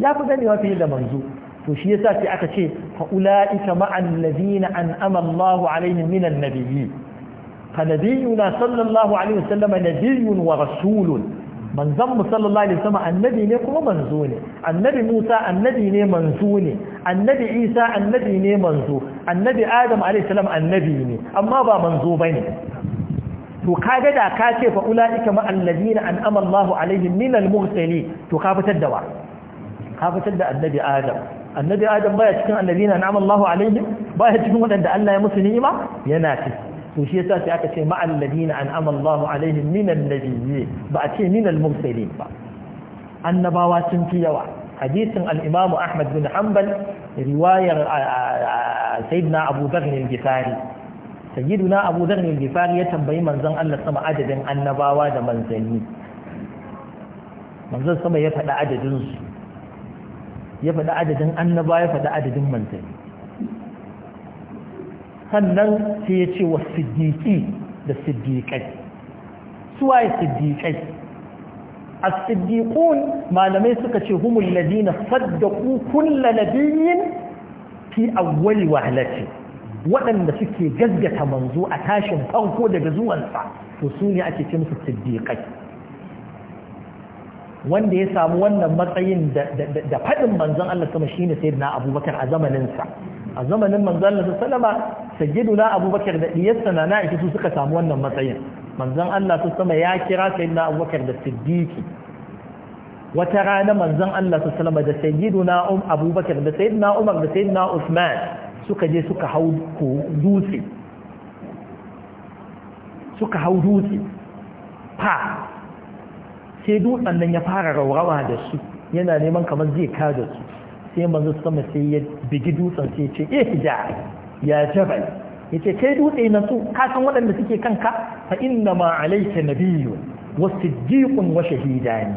[SPEAKER 1] ya fi ganewa fiye da manzo to shi yasa sai aka ce fa ulaika ma'an ladina an'ama Allahu alaihim minan nabiyyi fa nabiyuna sallallahu alaihi wasallam nabiyyun wa rasulun manzon mu sallallahu alaihi wasallam annabi ne kuma manzo ne annabi Musa annabi ne manzo ne annabi Isa annabi ne manzo annabi Adam alaihi salam annabi ne amma ba manzo bane to kaga da ka ce fa ulaika ma alladina an'ama Allahu alaihim min al-mursalin to ka fitar da wa ka fitar da annabi Adam annabi Adam baya cikin alladina an'ama Allahu alaihim baya cikin wadanda Allah ya musu ni'ima yana cikin to shi yasa sai aka ce ma'al ladina an'ama Allahu alaihim minan nabiyyi ba a ce minal mursalin ba annabawa sun fi yawa hadisin al-Imam Ahmad bin Hanbal riwayar sayyidina Abu Dharr al-Ghifari sayyidina Abu Dharr al-Ghifari ya tambayi manzon Allah sama adadin annabawa da manzanni manzon sama ya faɗa adadin su ya faɗa adadin annaba ya faɗa adadin manzanni sannan sai ya ce wa siddiƙi da siddiƙai suwaye siddiƙai a siddiƙun malamai suka ce humul ladina saddaku kulla nabiyyin fi awwali wahalati waɗanda suke gaggata manzo a tashin farko daga zuwansa to su ne ake ce musu siddiƙai wanda ya samu wannan matsayin da faɗin manzon Allah sama shine sayyidina Abubakar a zamaninsa a zamanin Manzan Allah sallama sayyiduna abubakar da diyarsa na na'isha su suka samu wannan matsayin Manzan Allah su sama ya kira na abubakar da siddiqi wata rana Manzan Allah su sallama da sayyiduna um abubakar da na umar da na usman suka je suka hau dutse suka hau dutse fa sai dutsen nan ya fara raurawa da su yana neman kamar zai kada su sai manzo sama sai ya bigi dutsen sai ce eh hija ya jabal yace kai dutse na su ka san waɗanda suke kanka fa inna ma alayka nabiyyu wa siddiqun wa shahidani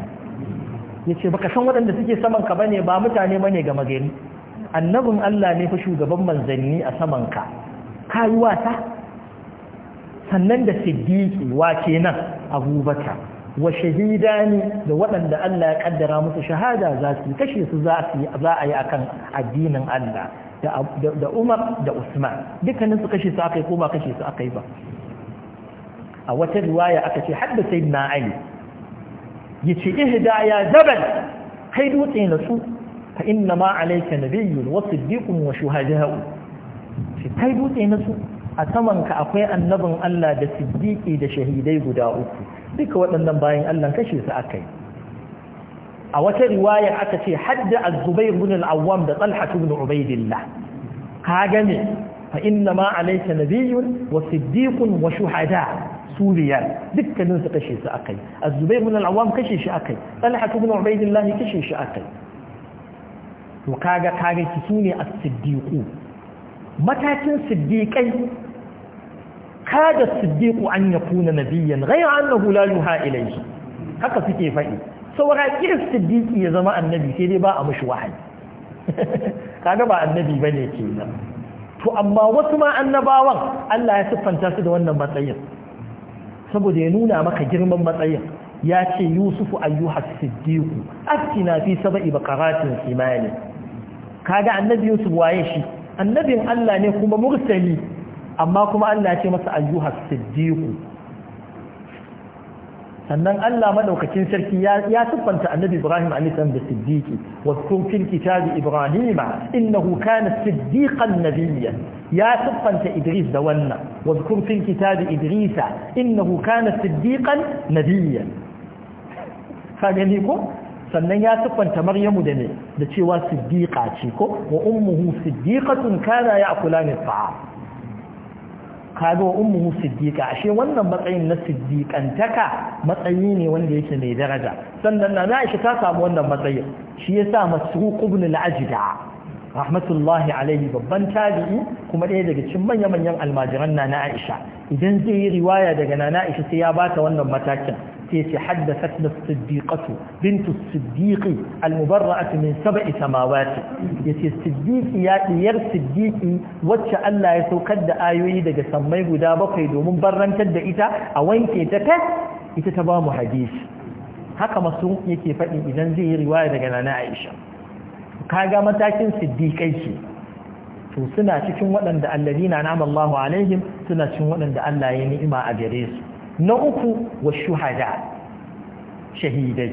[SPEAKER 1] yace baka san waɗanda suke saman ka bane ba mutane bane ga magani annabin Allah ne fa shugaban manzanni a saman ka kai wata sannan da siddiqi wa kenan abubakar wa shahidani da waɗanda Allah ya ƙaddara musu shahada za su kashe su za a yi akan addinin Allah da Umar da Usman dukkanin su kashe su aka yi ko kashe su aka yi ba a wata riwaya aka ce hadda sayyidina Ali yace ihda ya zabal kai dutse na su fa inna ma alayka nabiyyun wa siddiqun wa shuhada'u shi kai dutse na su a saman ka akwai annabin Allah da siddiqi da shahidai guda uku duka waɗannan bayan Allah kashe su aka yi a wata riwaya aka ce hadda az al da talha ibn ka gane fa inna ma alayka nabiyyun wa siddiqun wa shuhada su dukkanin su kashe su akai az-zubayr ibn awam kashe shi akai talha ibn ubaydillah kashe shi akai to kaga kaga ki sune as-siddiqu matakin siddiqai kada siddiqu an yakuna nabiyyan ghayra annahu la yuha ilayhi haka suke faɗi saboda kiris siddiqi ya zama annabi sai dai ba a mushi wahayi kaga ba annabi bane kenan to amma wasu ma annabawan Allah ya siffanta su da wannan matsayin saboda ya nuna maka girman matsayin ya ce yusufu ayyuha siddiqu aftina fi sab'i baqaratin simani kaga annabi yusuf waye shi annabin Allah ne kuma mursali amma kuma Allah ce masa ayyuha siddiqu sannan Allah madaukakin sarki ya siffanta annabi Ibrahim alaihi da siddiqi wadkur fil kitabi Ibrahim innahu kana siddiqan nabiyya ya siffanta Idris da wannan wadkur fil kitabi Idris innahu kana siddiqan nabiyya ka gani ko sannan ya siffanta Maryamu da ne da cewa siddiqa ce ko wa ummuhu siddiqatun kana ya'kulani ta'a kaga wa ummuhu siddiqa ashe wannan matsayin na siddiqantaka matsayi ne wanda yake mai daraja sannan na Aisha ta samu wannan matsayin shi yasa Masruq ibn al-Ajda rahmatullahi alaihi babban tabi'i kuma ɗaya daga cikin manya-manyan almajiran na Aisha idan zai yi riwaya daga na Aisha sai ya bata wannan matakin تيتي حدثتنا الصديقة بنت الصديق المبرأة من سبع سماوات يتي الصديق يا إير صديق واتش ألا يتوقد آيوي دقى سميه دابق يدو منبرا تد إتا أوين كيتك ta bamu حديث haka masu yake faɗi idan zai yi riwaya daga nana aisha kaga matakin siddiƙai ce suna cikin waɗanda allazina na Allahu alaihim suna cikin waɗanda Allah ya ni'ima a gare su na uku wa shuhada shahidai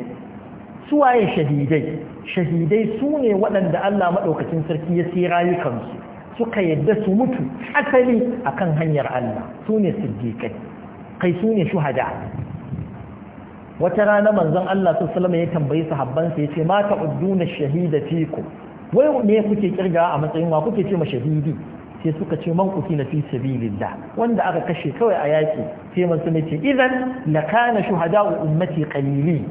[SPEAKER 1] suwaye shahidai shahidai su ne waɗanda Allah maɗaukacin sarki ya sai rayukansu suka yadda su mutu asali akan hanyar Allah su ne siddiƙai kai su ne shuhada wata rana manzon Allah su salama ya tambayi su habbansa ya ce mata uduna shahida fiku wai ne kuke kirga a matsayin wa kuke ce ma shahidi sai suka ce man na fi sabilillah wanda aka kashe kawai a yaki sai man sun ce idan la kana shuhada'u ummati qalili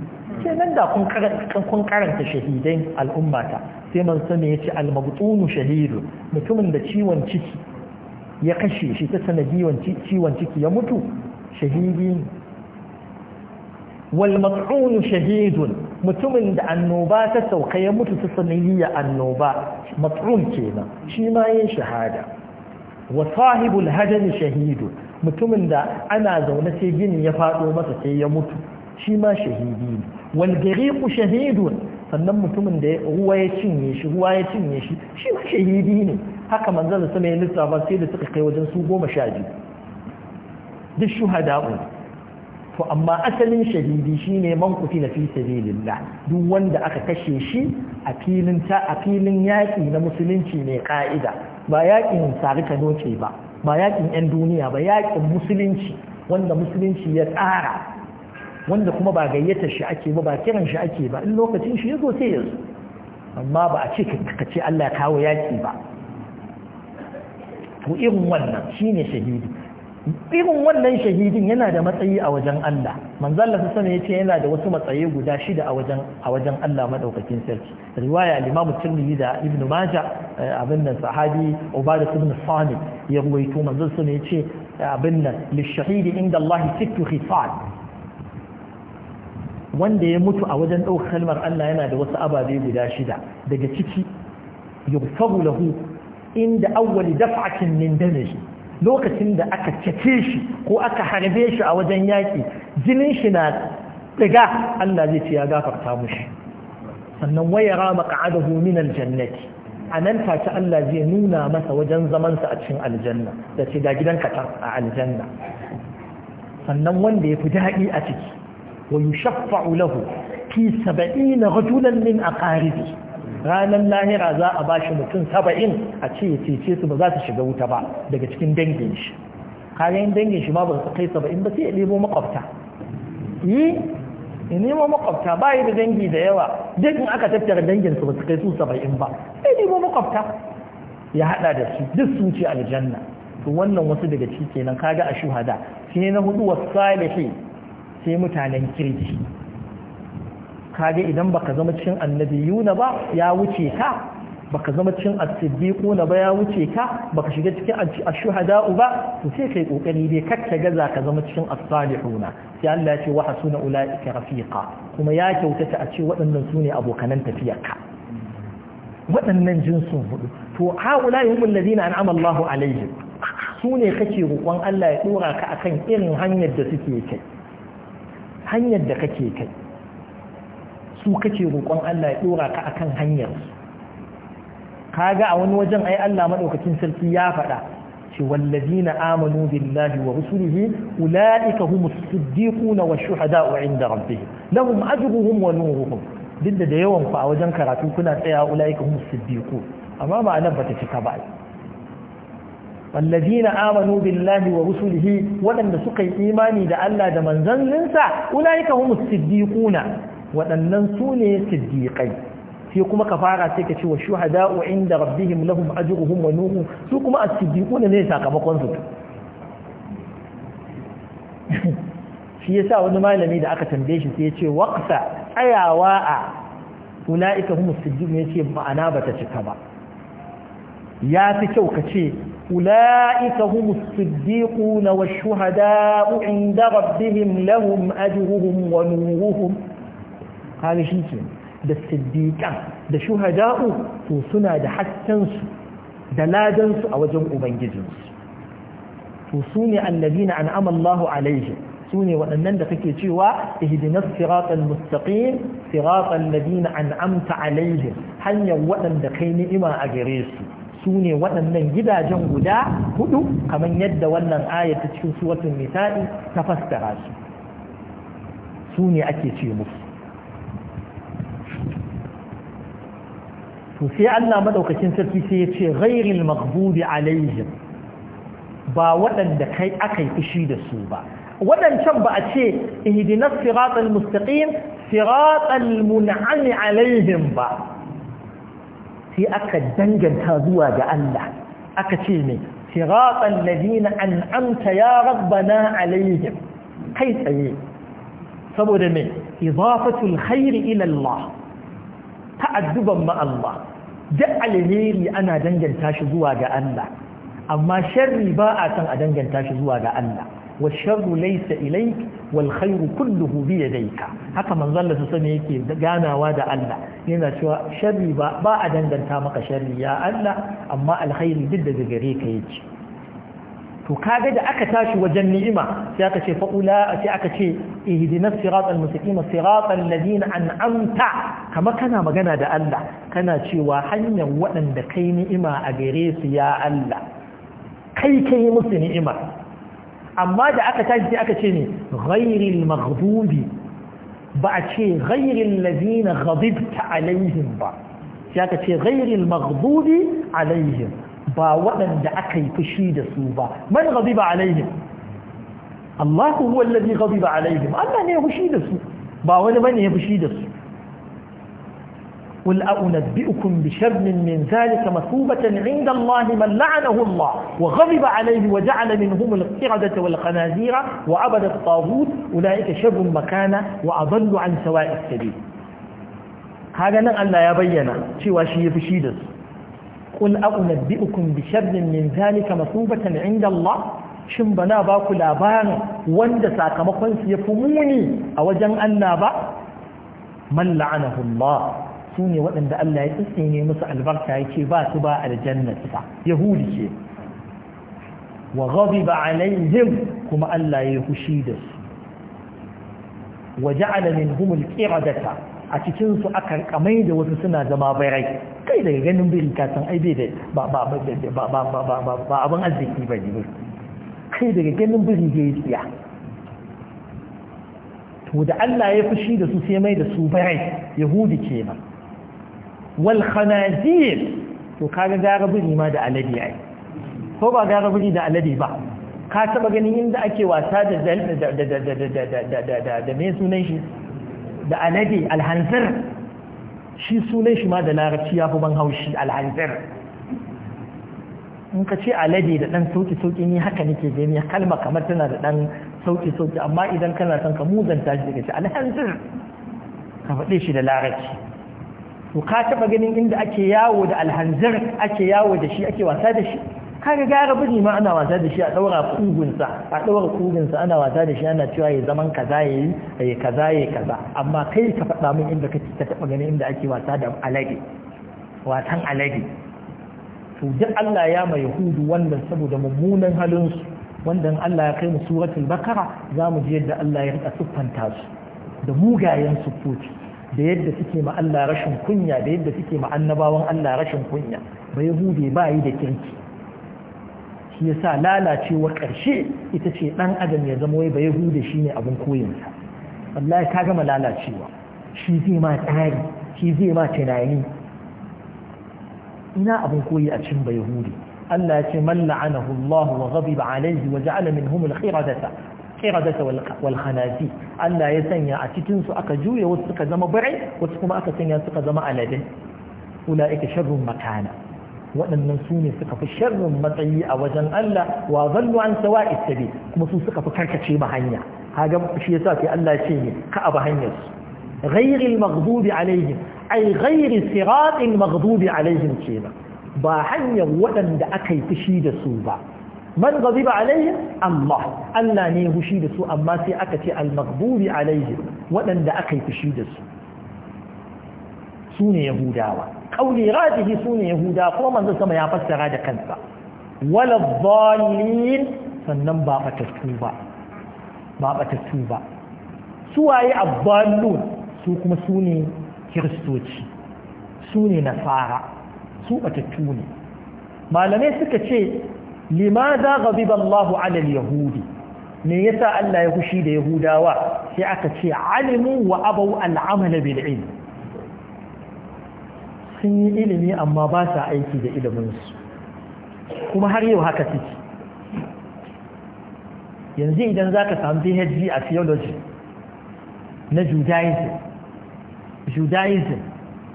[SPEAKER 1] sai nan da kun karanta kun karanta shahidan al'ummata sai man sun yace al-mabtunu shahidu mutumin da ciwon ciki ya kashe shi ta sanadiyan ciwon ciki ya mutu shahidi wal mat'un shahidun mutumin da annoba ta sauka ya mutu ta sanadiyan annoba mat'un kenan shi ma yin shahada wa sahibul hajar shahidu mutumin da ana zaune sai gini ya faɗo masa sai ya mutu shi ma shahidi ne wal gariqu shahidun sannan mutumin da ruwa ya cinye shi ruwa ya cinye shi shi ma shahidi ne haka manzon sama ya ba sai da suka kai wajen su goma sha biyu duk shuhada'u to amma asalin shahidi shine man na fi sabilillah duk wanda aka kashe shi a filin ta a filin yaki na musulunci ne ka'ida ba yaƙin tsari ka noce ba ba yaƙin 'yan duniya ba yaƙin musulunci wanda musulunci ya tsara wanda kuma ba gayyata shi ake ba ba kiran shi ake ba in lokacin shi ya zo sai ya amma ba a ce ka ce Allah ya kawo yaƙi ba to irin wannan shine shahidi irin wannan shahidin yana da matsayi a wajen Allah manzo Allah sun ya ce yana da wasu matsayi guda shida a wajen a wajen Allah madaukakin sarki riwaya al-Imam Tirmidhi da Ibn Majah eh, abin nan sahabi Ubad ibn Samit ya ruwaito manzo sun ya ce abin nan lishahidi inda Allah sittu khisal wanda ya mutu a wajen ɗaukar kalmar Allah yana da wasu ababe guda shida daga ciki yurfagu lahu inda awwali daf'atin min damihi lokacin da aka cece shi ko aka harbe shi a wajen yaƙi jinin shi na ɗiga Allah zai ce ya gafarta mushi sannan waya rama ka'adahu min aljannati a nan ce Allah zai nuna masa wajen zaman sa a cikin aljanna da ce ga gidan katar a aljanna sannan wanda ya fi daɗi a ciki wa yushaffa'u lahu fi 70 rajulan min aqaribi ranar lahira za a ba shi mutum saba'in a ce ya cece su ba za su shiga wuta ba daga cikin dangin shi kayan dangin shi ma ba su kai saba'in ba sai ya nemo makwabta yi ya nemo makwabta ba yi da dangi da yawa duk in aka tattara dangin su ba su kai su saba'in ba sai nemo makwabta ya hada da su duk sun ce aljanna to wannan wasu daga ciki kenan kaga a shuhada sai na hudu wasu sai mutanen kirki kaga idan baka zama cikin annabiyuna ba ya wuce ka baka zama cikin as-siddiquna ba ya wuce ka baka shiga cikin ash-shuhada'u ba to sai kai kokari dai kakka gaza ka zama cikin as-salihuna sai Allah ya ce wa hasuna ulaika rafiqa kuma ya kyautata a ce waɗannan sune abokanan tafiyarka waɗannan jinsin hudu to haula yahum alladhina an'ama Allahu alaihim sune kake roƙon Allah ya dora ka akan irin hanyar da suke kai hanyar da kake kai su kake roƙon Allah ya dora ka akan hanyar kaga a wani wajen ai Allah madaukakin sarki ya faɗa ce wallazina amanu billahi wa rusulihi ulaika humus siddiquna wa shuhada'u 'inda rabbihim lahum ajruhum wa nuruhum duk da yawan ku a wajen karatu kuna tsaya ulaika humus siddiqu amma ma'anar bata cika ba wallazina amanu billahi wa rusulihi waɗanda suka yi imani da Allah da manzanninsa ulaika humus siddiquna waɗannan su ne siddiƙai sai kuma ka fara sai ka ce wa shuhada'u inda rabbihim lahum ajruhum wa nuhum su kuma as-siddiquna ne sakamakon su shi yasa wani malami da aka tambaye shi sai ya ce waqsa ayawa a ulaika humus siddiqun yace ma'ana bata cika ba ya fi kyau ka ce أولئك هم الصديقون inda عند ربهم لهم أجرهم ونورهم kaga shi ke da siddiƙan da shuhada'u to suna da haskensu da ladansu a wajen ubangijinsu to su ne na an'ama Allahu alaihi su ne waɗannan da kake cewa ihdinas siratal mustaqim siratal ladina an'amta alaihi hanyar waɗanda kai ni'ima a gare su su ne waɗannan gidajen guda hudu kamar yadda wannan aya ta cikin suwatul nisa'i ta fassara su su ne ake ce musu to sai Allah madaukakin sarki sai ya ce ghairil maghdubi alaihim ba wadanda kai aka yi fushi da su ba wadancan ba a ce ihdinas siratal mustaqim siratal mun'ami alaihim ba sai aka danganta zuwa ga Allah aka ce ne siratal ladina an'amta ya rabbana alaihim kai tsaye saboda me idafatul khairi ila Allah ta'adduban ma Allah duk alheri ana danganta shi zuwa ga Allah amma sharri ba a san a danganta shi zuwa ga Allah wa sharru laysa ilayk wal khairu kulluhu bi yadayka haka manzon Allah sune yake ganawa da Allah yana cewa sharri ba ba a danganta maka sharri ya Allah amma alkhairi duk daga gare ka yake to kaga da aka tashi wajen ni'ima sai aka ce fa'ula sai aka ce ihdinas siratal mustaqim siratal ladina an'amta kama kana magana da Allah kana cewa hanyar waɗanda kai ni'ima a gare su ya Allah kai kai musu ni'ima amma da aka tashi sai aka ce ne ghairil maghdubi ba a ce rairin ladina ghadibta alaihim ba sai aka ce ghairil maghdubi alaihim ba waɗanda aka yi fushi da su ba man ghadiba alaihim Allah huwa alladhi ghadiba alaihim Allah ne ya fushi da su ba wani bane ya fushi da su قل أنبئكم بشر من ذلك مثوبة عند الله من لعنه الله وغضب عليه وجعل منهم القردة والخنازير وعبد الطاغوت أولئك شر مكانا وأضل عن سواء السبيل هذا نقل لا يبين شوى شيء في شيدس قل أأنبئكم بشر من ذلك مصوبة عند الله شنب باكو كلا بان وند ساك مقل سيفموني أوجن النابا من لعنه الله سوني وأن ذا الله يسسيني مسع البركة يكيبا تبا الجنة يهودي شيء وغضب عليهم كما ألا يهشيدس وجعل منهم القردة a cikin su aka kamai da wasu suna zama barai kai daga ganin birin kasan ai bai da ba ba ba ba ba ba abin arziki ba ne kai daga ganin birin ya tsiya to da Allah ya fushi da su sai mai da su barai yahudi ke ba. wal khanazir to kaga gara biri ma da alade ai ko ba gara biri da alade ba ka taba ganin inda ake wasa da da da da da da da da da da da da alade alhanzar shi sunan shi ma da larabci ya fi ban haushi alhanzir in ka ce alade da ɗan sauki-sauki ne haka nake gani kalma kamar tana da ɗan sauki-sauki amma idan kana son ka muzanta shi daga shi alhanzir ka faɗe shi da larabci to ka taɓa ganin inda ake yawo da alhanzir ake yawo da shi ake wasa da shi kaga gara biri ma ana wasa da shi a daura kugunsa a daura kugunsa ana wasa da shi ana cewa ya zaman kaza yayi ya kaza ya kaza amma kai ka faɗa min inda kake ka taɓa ganin inda ake wasa da alade wasan alade to duk Allah ya mai yahudu wannan saboda mummunan halin su wanda Allah ya kai mu suratul bakara zamu ji yadda Allah ya rika siffanta su da mugayen siffofi da yadda suke ma Allah rashin kunya da yadda suke ma annabawan Allah rashin kunya bai hude ba yi da kirki shi yasa lalacewa ƙarshe ita ce ɗan adam ya zama wai ba yahuda shi ne abin koyinsa wallahi ka gama lalacewa shi zai ma tsari shi zai ma tunani ina abin koyi a cikin ba Allah ya ce man la'anahu Allah wa ghadiba alayhi wa ja'ala minhum al-khiradata khiradata wal khanasi Allah ya sanya a cikin su aka juye wasu suka zama bare wasu kuma aka sanya suka zama aladin ulaika sharrun makana waɗannan su ne suka fi sharrin matsayi a wajen Allah wa zallu an sawa ittabi kuma su suka fi karkace ma hanya kaga shi yasa sai Allah ya ce ne ka abu hanyar su ghayril maghdubi alaihim ay ghayri siratil maghdubi alaihim kenan ba hanyar waɗanda aka yi fushi da su ba man gaziba alaihim Allah Allah ne hushi da su amma sai aka ce al maghdubi alaihim waɗanda aka yi fushi da su su ne yahudawa kauli rajihi sune yahuda ko manzo sama ya fassara da kansa wala dhallin sannan ba batattu ba ba batattu ba suwaye abdallun su kuma sune kiristoci sune nasara su batattu ne malamai suka ce limaza ghadiba Allahu ala al-yahudi me yasa Allah ya kushi da yahudawa sai aka ce alimu wa abau al-amala bil ilm sun yi ilimi amma ba sa aiki da iliminsu kuma har yau haka suke yanzu idan za ka samu phd a theology na judaism judaism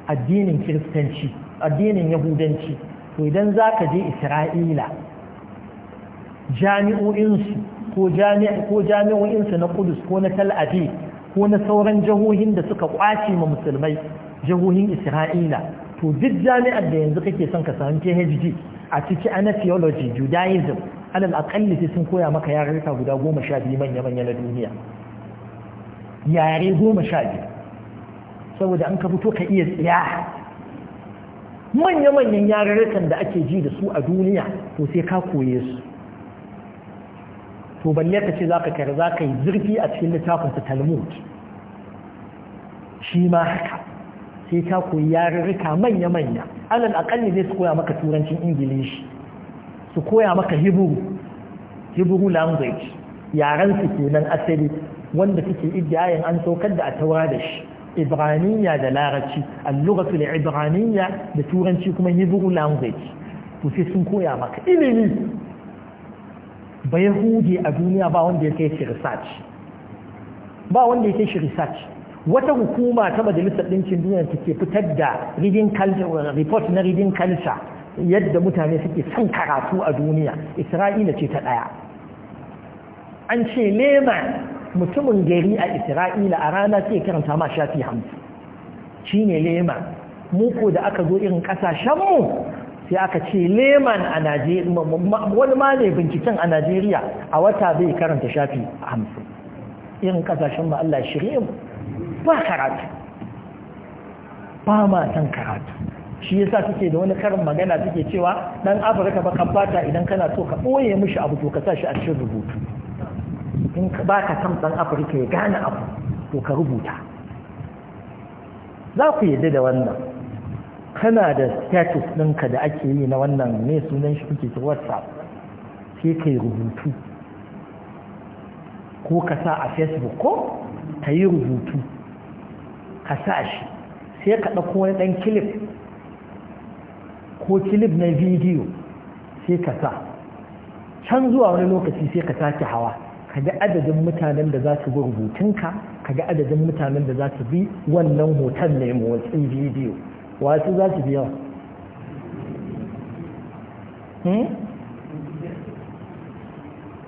[SPEAKER 1] addinin kiristanci addinin yahudanci to idan za ka je isra'ila jami'o'insu ko jami'o'insu na kudus ko na tal'adi ko na sauran jihohin da suka kwace ma musulmai jihohin isra'ila to duk jami'ar da yanzu kake son ka samu PhD a ciki ana theology Judaism alal aqalli sai sun koya maka yarurruka guda goma sha biyu manya-manya na duniya yare goma sha biyu saboda an ka fito ka iya tsiya manya-manyan yarurrukan da ake ji da su a duniya to sai ka koye su to balle ka ce za ka kare za yi zurfi a cikin littafin talmud shi ma haka sai ta koyi yarurruka manya-manya alal akalli zai su koya maka turancin ingilishi su koya maka Hibru, hebrew language yaren su kenan asali wanda suke idiyayen an saukar da a taura da shi ibraniya da larabci allurasu da ibraniya da turanci kuma Hibru language to sai sun koya maka ilimi bai huge a duniya ba wanda ya kai shi ba wanda ya kai shi research wata hukuma ta majalisar ɗinkin duniya ta ke fitar da report na reading culture yadda mutane suke son karatu a duniya isra'ila ce ta ɗaya an ce lema mutumin gari a isra'ila a rana sai karanta ma shafi hamsin shi ne lema muku da aka zo irin ƙasashenmu sai aka ce leman a najeriya wani ma ne binciken a najeriya a wata bai karanta shafi hamsin irin ƙasashen Allah shirye mu ba karatu ba ma san karatu shi yasa suke da wani karin magana suke cewa dan afirka ba kan idan kana so ka boye mishi abu to ka sa shi a cikin rubutu in ba ka san dan afirka ya gane abu to ka rubuta za ku yi da wannan kana da status ɗinka da ake yi na wannan ne sunan shi kuke ta whatsapp
[SPEAKER 2] sai ka yi rubutu
[SPEAKER 1] ko ka sa a facebook ko ka yi rubutu ka sa shi sai ka ɗauko wani ɗan kilif ko kilif na bidiyo sai ka sa can zuwa wani lokaci sai ka sake hawa ka ga adadin mutanen da za su bi rubutunka ka ga adadin mutanen da za su bi wannan hoton mai motsin bidiyo wasu za su biya. Hmm?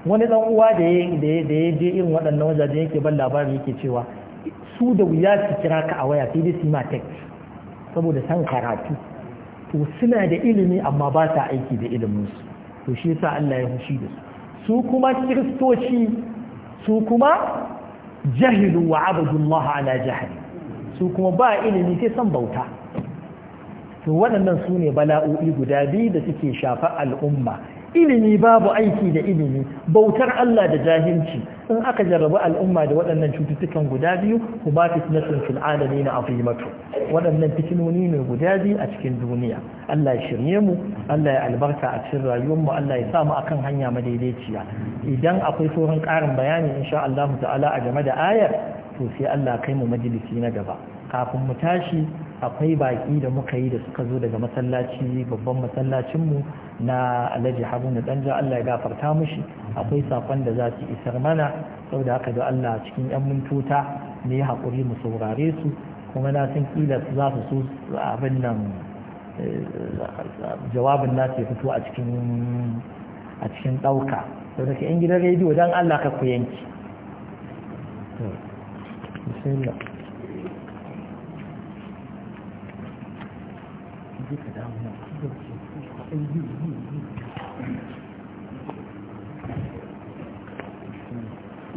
[SPEAKER 1] wani ɗan uwa da ya je irin waɗannan wajajen yake ban labarin yake cewa su da wuya su kira ka a waya sai dai su ma text saboda san karatu to suna da ilimi amma ba sa aiki da ilimin su to shi yasa Allah ya hushi da su su kuma kiristoci su kuma jahilu wa abdullah ala jahil su kuma ba ilimi sai san bauta to waɗannan su ne bala'o'i guda biyu da suke shafa al'umma ilimi babu aiki da ilimi bautar Allah da jahilci in aka jarraba al'umma da waɗannan cututtukan guda biyu kuma fitnatun fil alamin azimatu waɗannan fitinoni ne guda biyu a cikin duniya Allah ya shirye mu Allah ya albarka a cikin rayuwar mu Allah ya sa mu akan hanya madaidaiciya idan akwai sauran ƙarin bayani insha Allah ta'ala a game da ayar to sai Allah kai mu majalisi na gaba kafin mu tashi akwai baƙi da muka yi da suka zo daga masallaci babban masallacinmu na alhaji haruna danja allah ya gafarta mushi akwai sakon da za su isar mana saboda haka da allah cikin yan mintuta ne haƙuri mu saurare su kuma na san kila za su so abin nan eh, jawabin nasu ya fito a cikin a cikin ɗauka saboda ka yan gidan rediyo don allah ka ku yanki
[SPEAKER 2] Bismillah.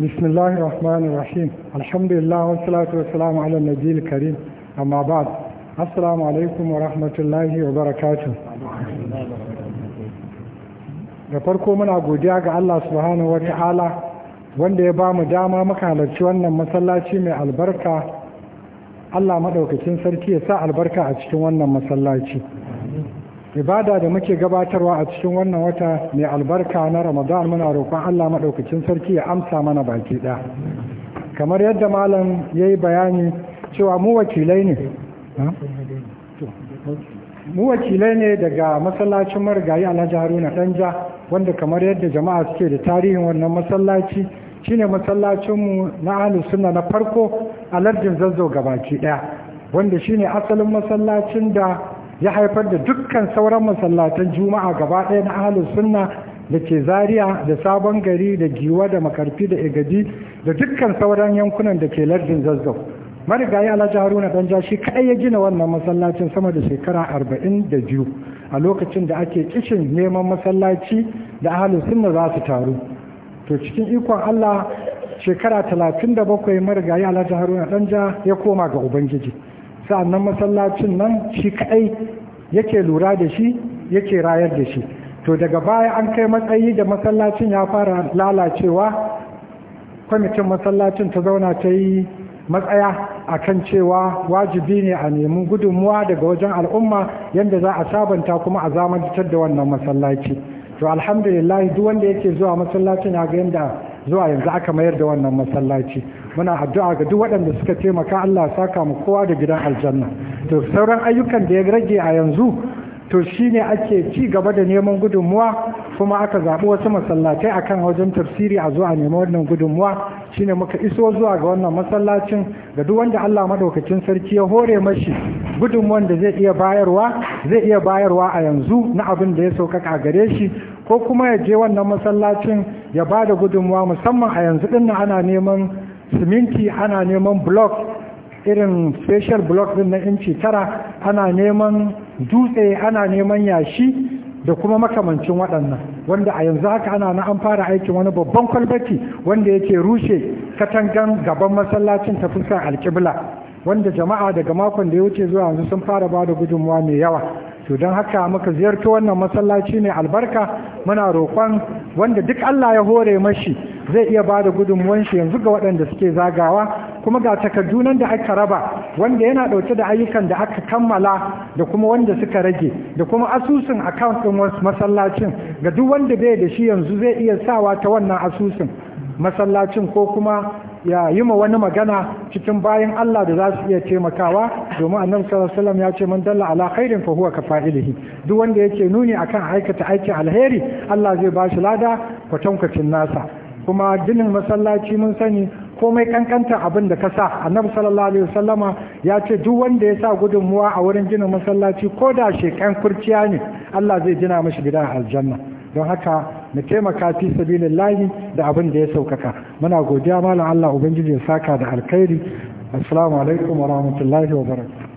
[SPEAKER 2] بسم الله الرحمن الرحيم الحمد لله والصلاة والسلام على النبي الكريم أما بعد السلام عليكم ورحمة الله وبركاته da farko muna godiya ga Allah subhanahu Ta'ala wanda ya ba mu dama muka halarci wannan masallaci mai albarka Allah maɗaukacin sarki ya sa albarka a cikin wannan masallaci ibada da muke gabatarwa a cikin wannan wata mai albarka na ramadan muna roƙon allah maɗaukacin sarki ya amsa mana baki ɗaya kamar yadda malam ya yi bayani cewa mu wakilai ne mu wakilai ne daga masallacin marigayi a alhaji haruna ɗanja wanda kamar yadda jama'a suke da tarihin wannan masallaci shine masallacinmu na ahlus sunna na farko a lardin zazzau ga baki ɗaya wanda shine asalin masallacin da ya haifar da dukkan sauran masallatan juma'a gaba ɗaya na ahalus sunna da ke Zariya da sabon gari da giwa da makarfi da egadi da dukkan sauran yankunan da ke lardin zazzau marigayi alhaji haruna danja shi kaɗai ya gina wannan masallacin sama da shekara arba'in da biyu a lokacin da ake kishin neman masallaci da ahalus sunna za su taru to cikin ikon allah shekara talatin da bakwai marigayi alhaji haruna danja ya koma ga ubangiji sa'annan masallacin nan shi kaɗai yake lura da shi yake rayar da shi to daga baya an kai matsayi da masallacin ya fara lalacewa kwamitin masallacin ta zauna ta yi matsaya a kan cewa wajibi ne a nemi gudunmuwa daga wajen al'umma yadda za a sabanta kuma a zamantar da wannan masallaci to alhamdulillah duk wanda yake zuwa masallacin ya ga yadda zuwa yanzu aka mayar da wannan masallaci muna addu'a ga duk waɗanda suka taimaka Allah saka mu kowa da gidan aljanna to sauran ayyukan da ya rage a yanzu to shine ake ci gaba da neman gudunmuwa kuma aka zaɓi wasu masallatai akan wajen tafsiri a zuwa neman wannan gudunmuwa shine muka iso zuwa ga wannan masallacin ga duk wanda Allah madaukakin sarki ya hore mashi gudun da zai iya bayarwa zai iya bayarwa a yanzu na abin da ya saukaka gare shi ko kuma ya je wannan masallacin ya ba da gudunmuwa musamman a yanzu ɗin ana neman siminti ana neman block irin special block din na inci tara ana neman dutse ana neman yashi da kuma makamancin waɗannan wanda a yanzu haka ana na an fara aikin wani babban kwalbati wanda yake rushe katangan gaban masallacin ta fuskar alƙibla wanda jama'a daga makon da ya wuce zuwa yanzu sun fara ba da gudunmawa mai yawa to don haka muka ziyarci wannan masallaci ne albarka muna roƙon wanda duk Allah ya hore mashi zai iya ba da gudunmuwan shi yanzu ga waɗanda suke zagawa kuma ga takardunan da aka raba wanda yana ɗauke da ayyukan da aka kammala da kuma wanda suka rage da kuma asusun account ɗin masallacin ga duk wanda bai da shi yanzu zai iya sawa ta wannan asusun masallacin ko kuma ya yi ma wani magana cikin bayan Allah da za su iya taimakawa domin annabi sallallahu alaihi wasallam ya ce man dalla ala khairin fa huwa kafa'ilihi duk wanda yake nuni akan aikata aikin alheri Allah zai ba shi lada kwatankwacin nasa kuma ginin masallaci mun sani komai kankanta abin da ka sa annabi sallallahu alaihi wasallama ya ce duk wanda ya sa gudunmuwa a wurin ginin masallaci ko da shekan kurciya ne Allah zai gina mashi gidan aljanna don haka mu taimaka fi sabilillahi da abin da ya saukaka muna godiya malam Allah ubangiji ya saka da alkhairi assalamu alaikum wa rahmatullahi wa barakatuh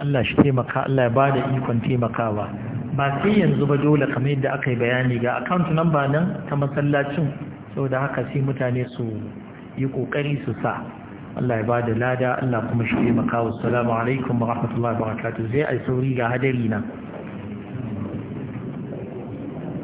[SPEAKER 1] Allah shi taimaka Allah ya bada ikon taimakawa ba sai yanzu ba dole kamar yadda aka yi bayani ga account number nan ta masallacin sau da haka sai mutane su yi kokari su sa Allah ya bada lada Allah kuma shi ya makawo assalamu alaikum wa rahmatullahi wa barakatuh zai ai sauri ga hadari nan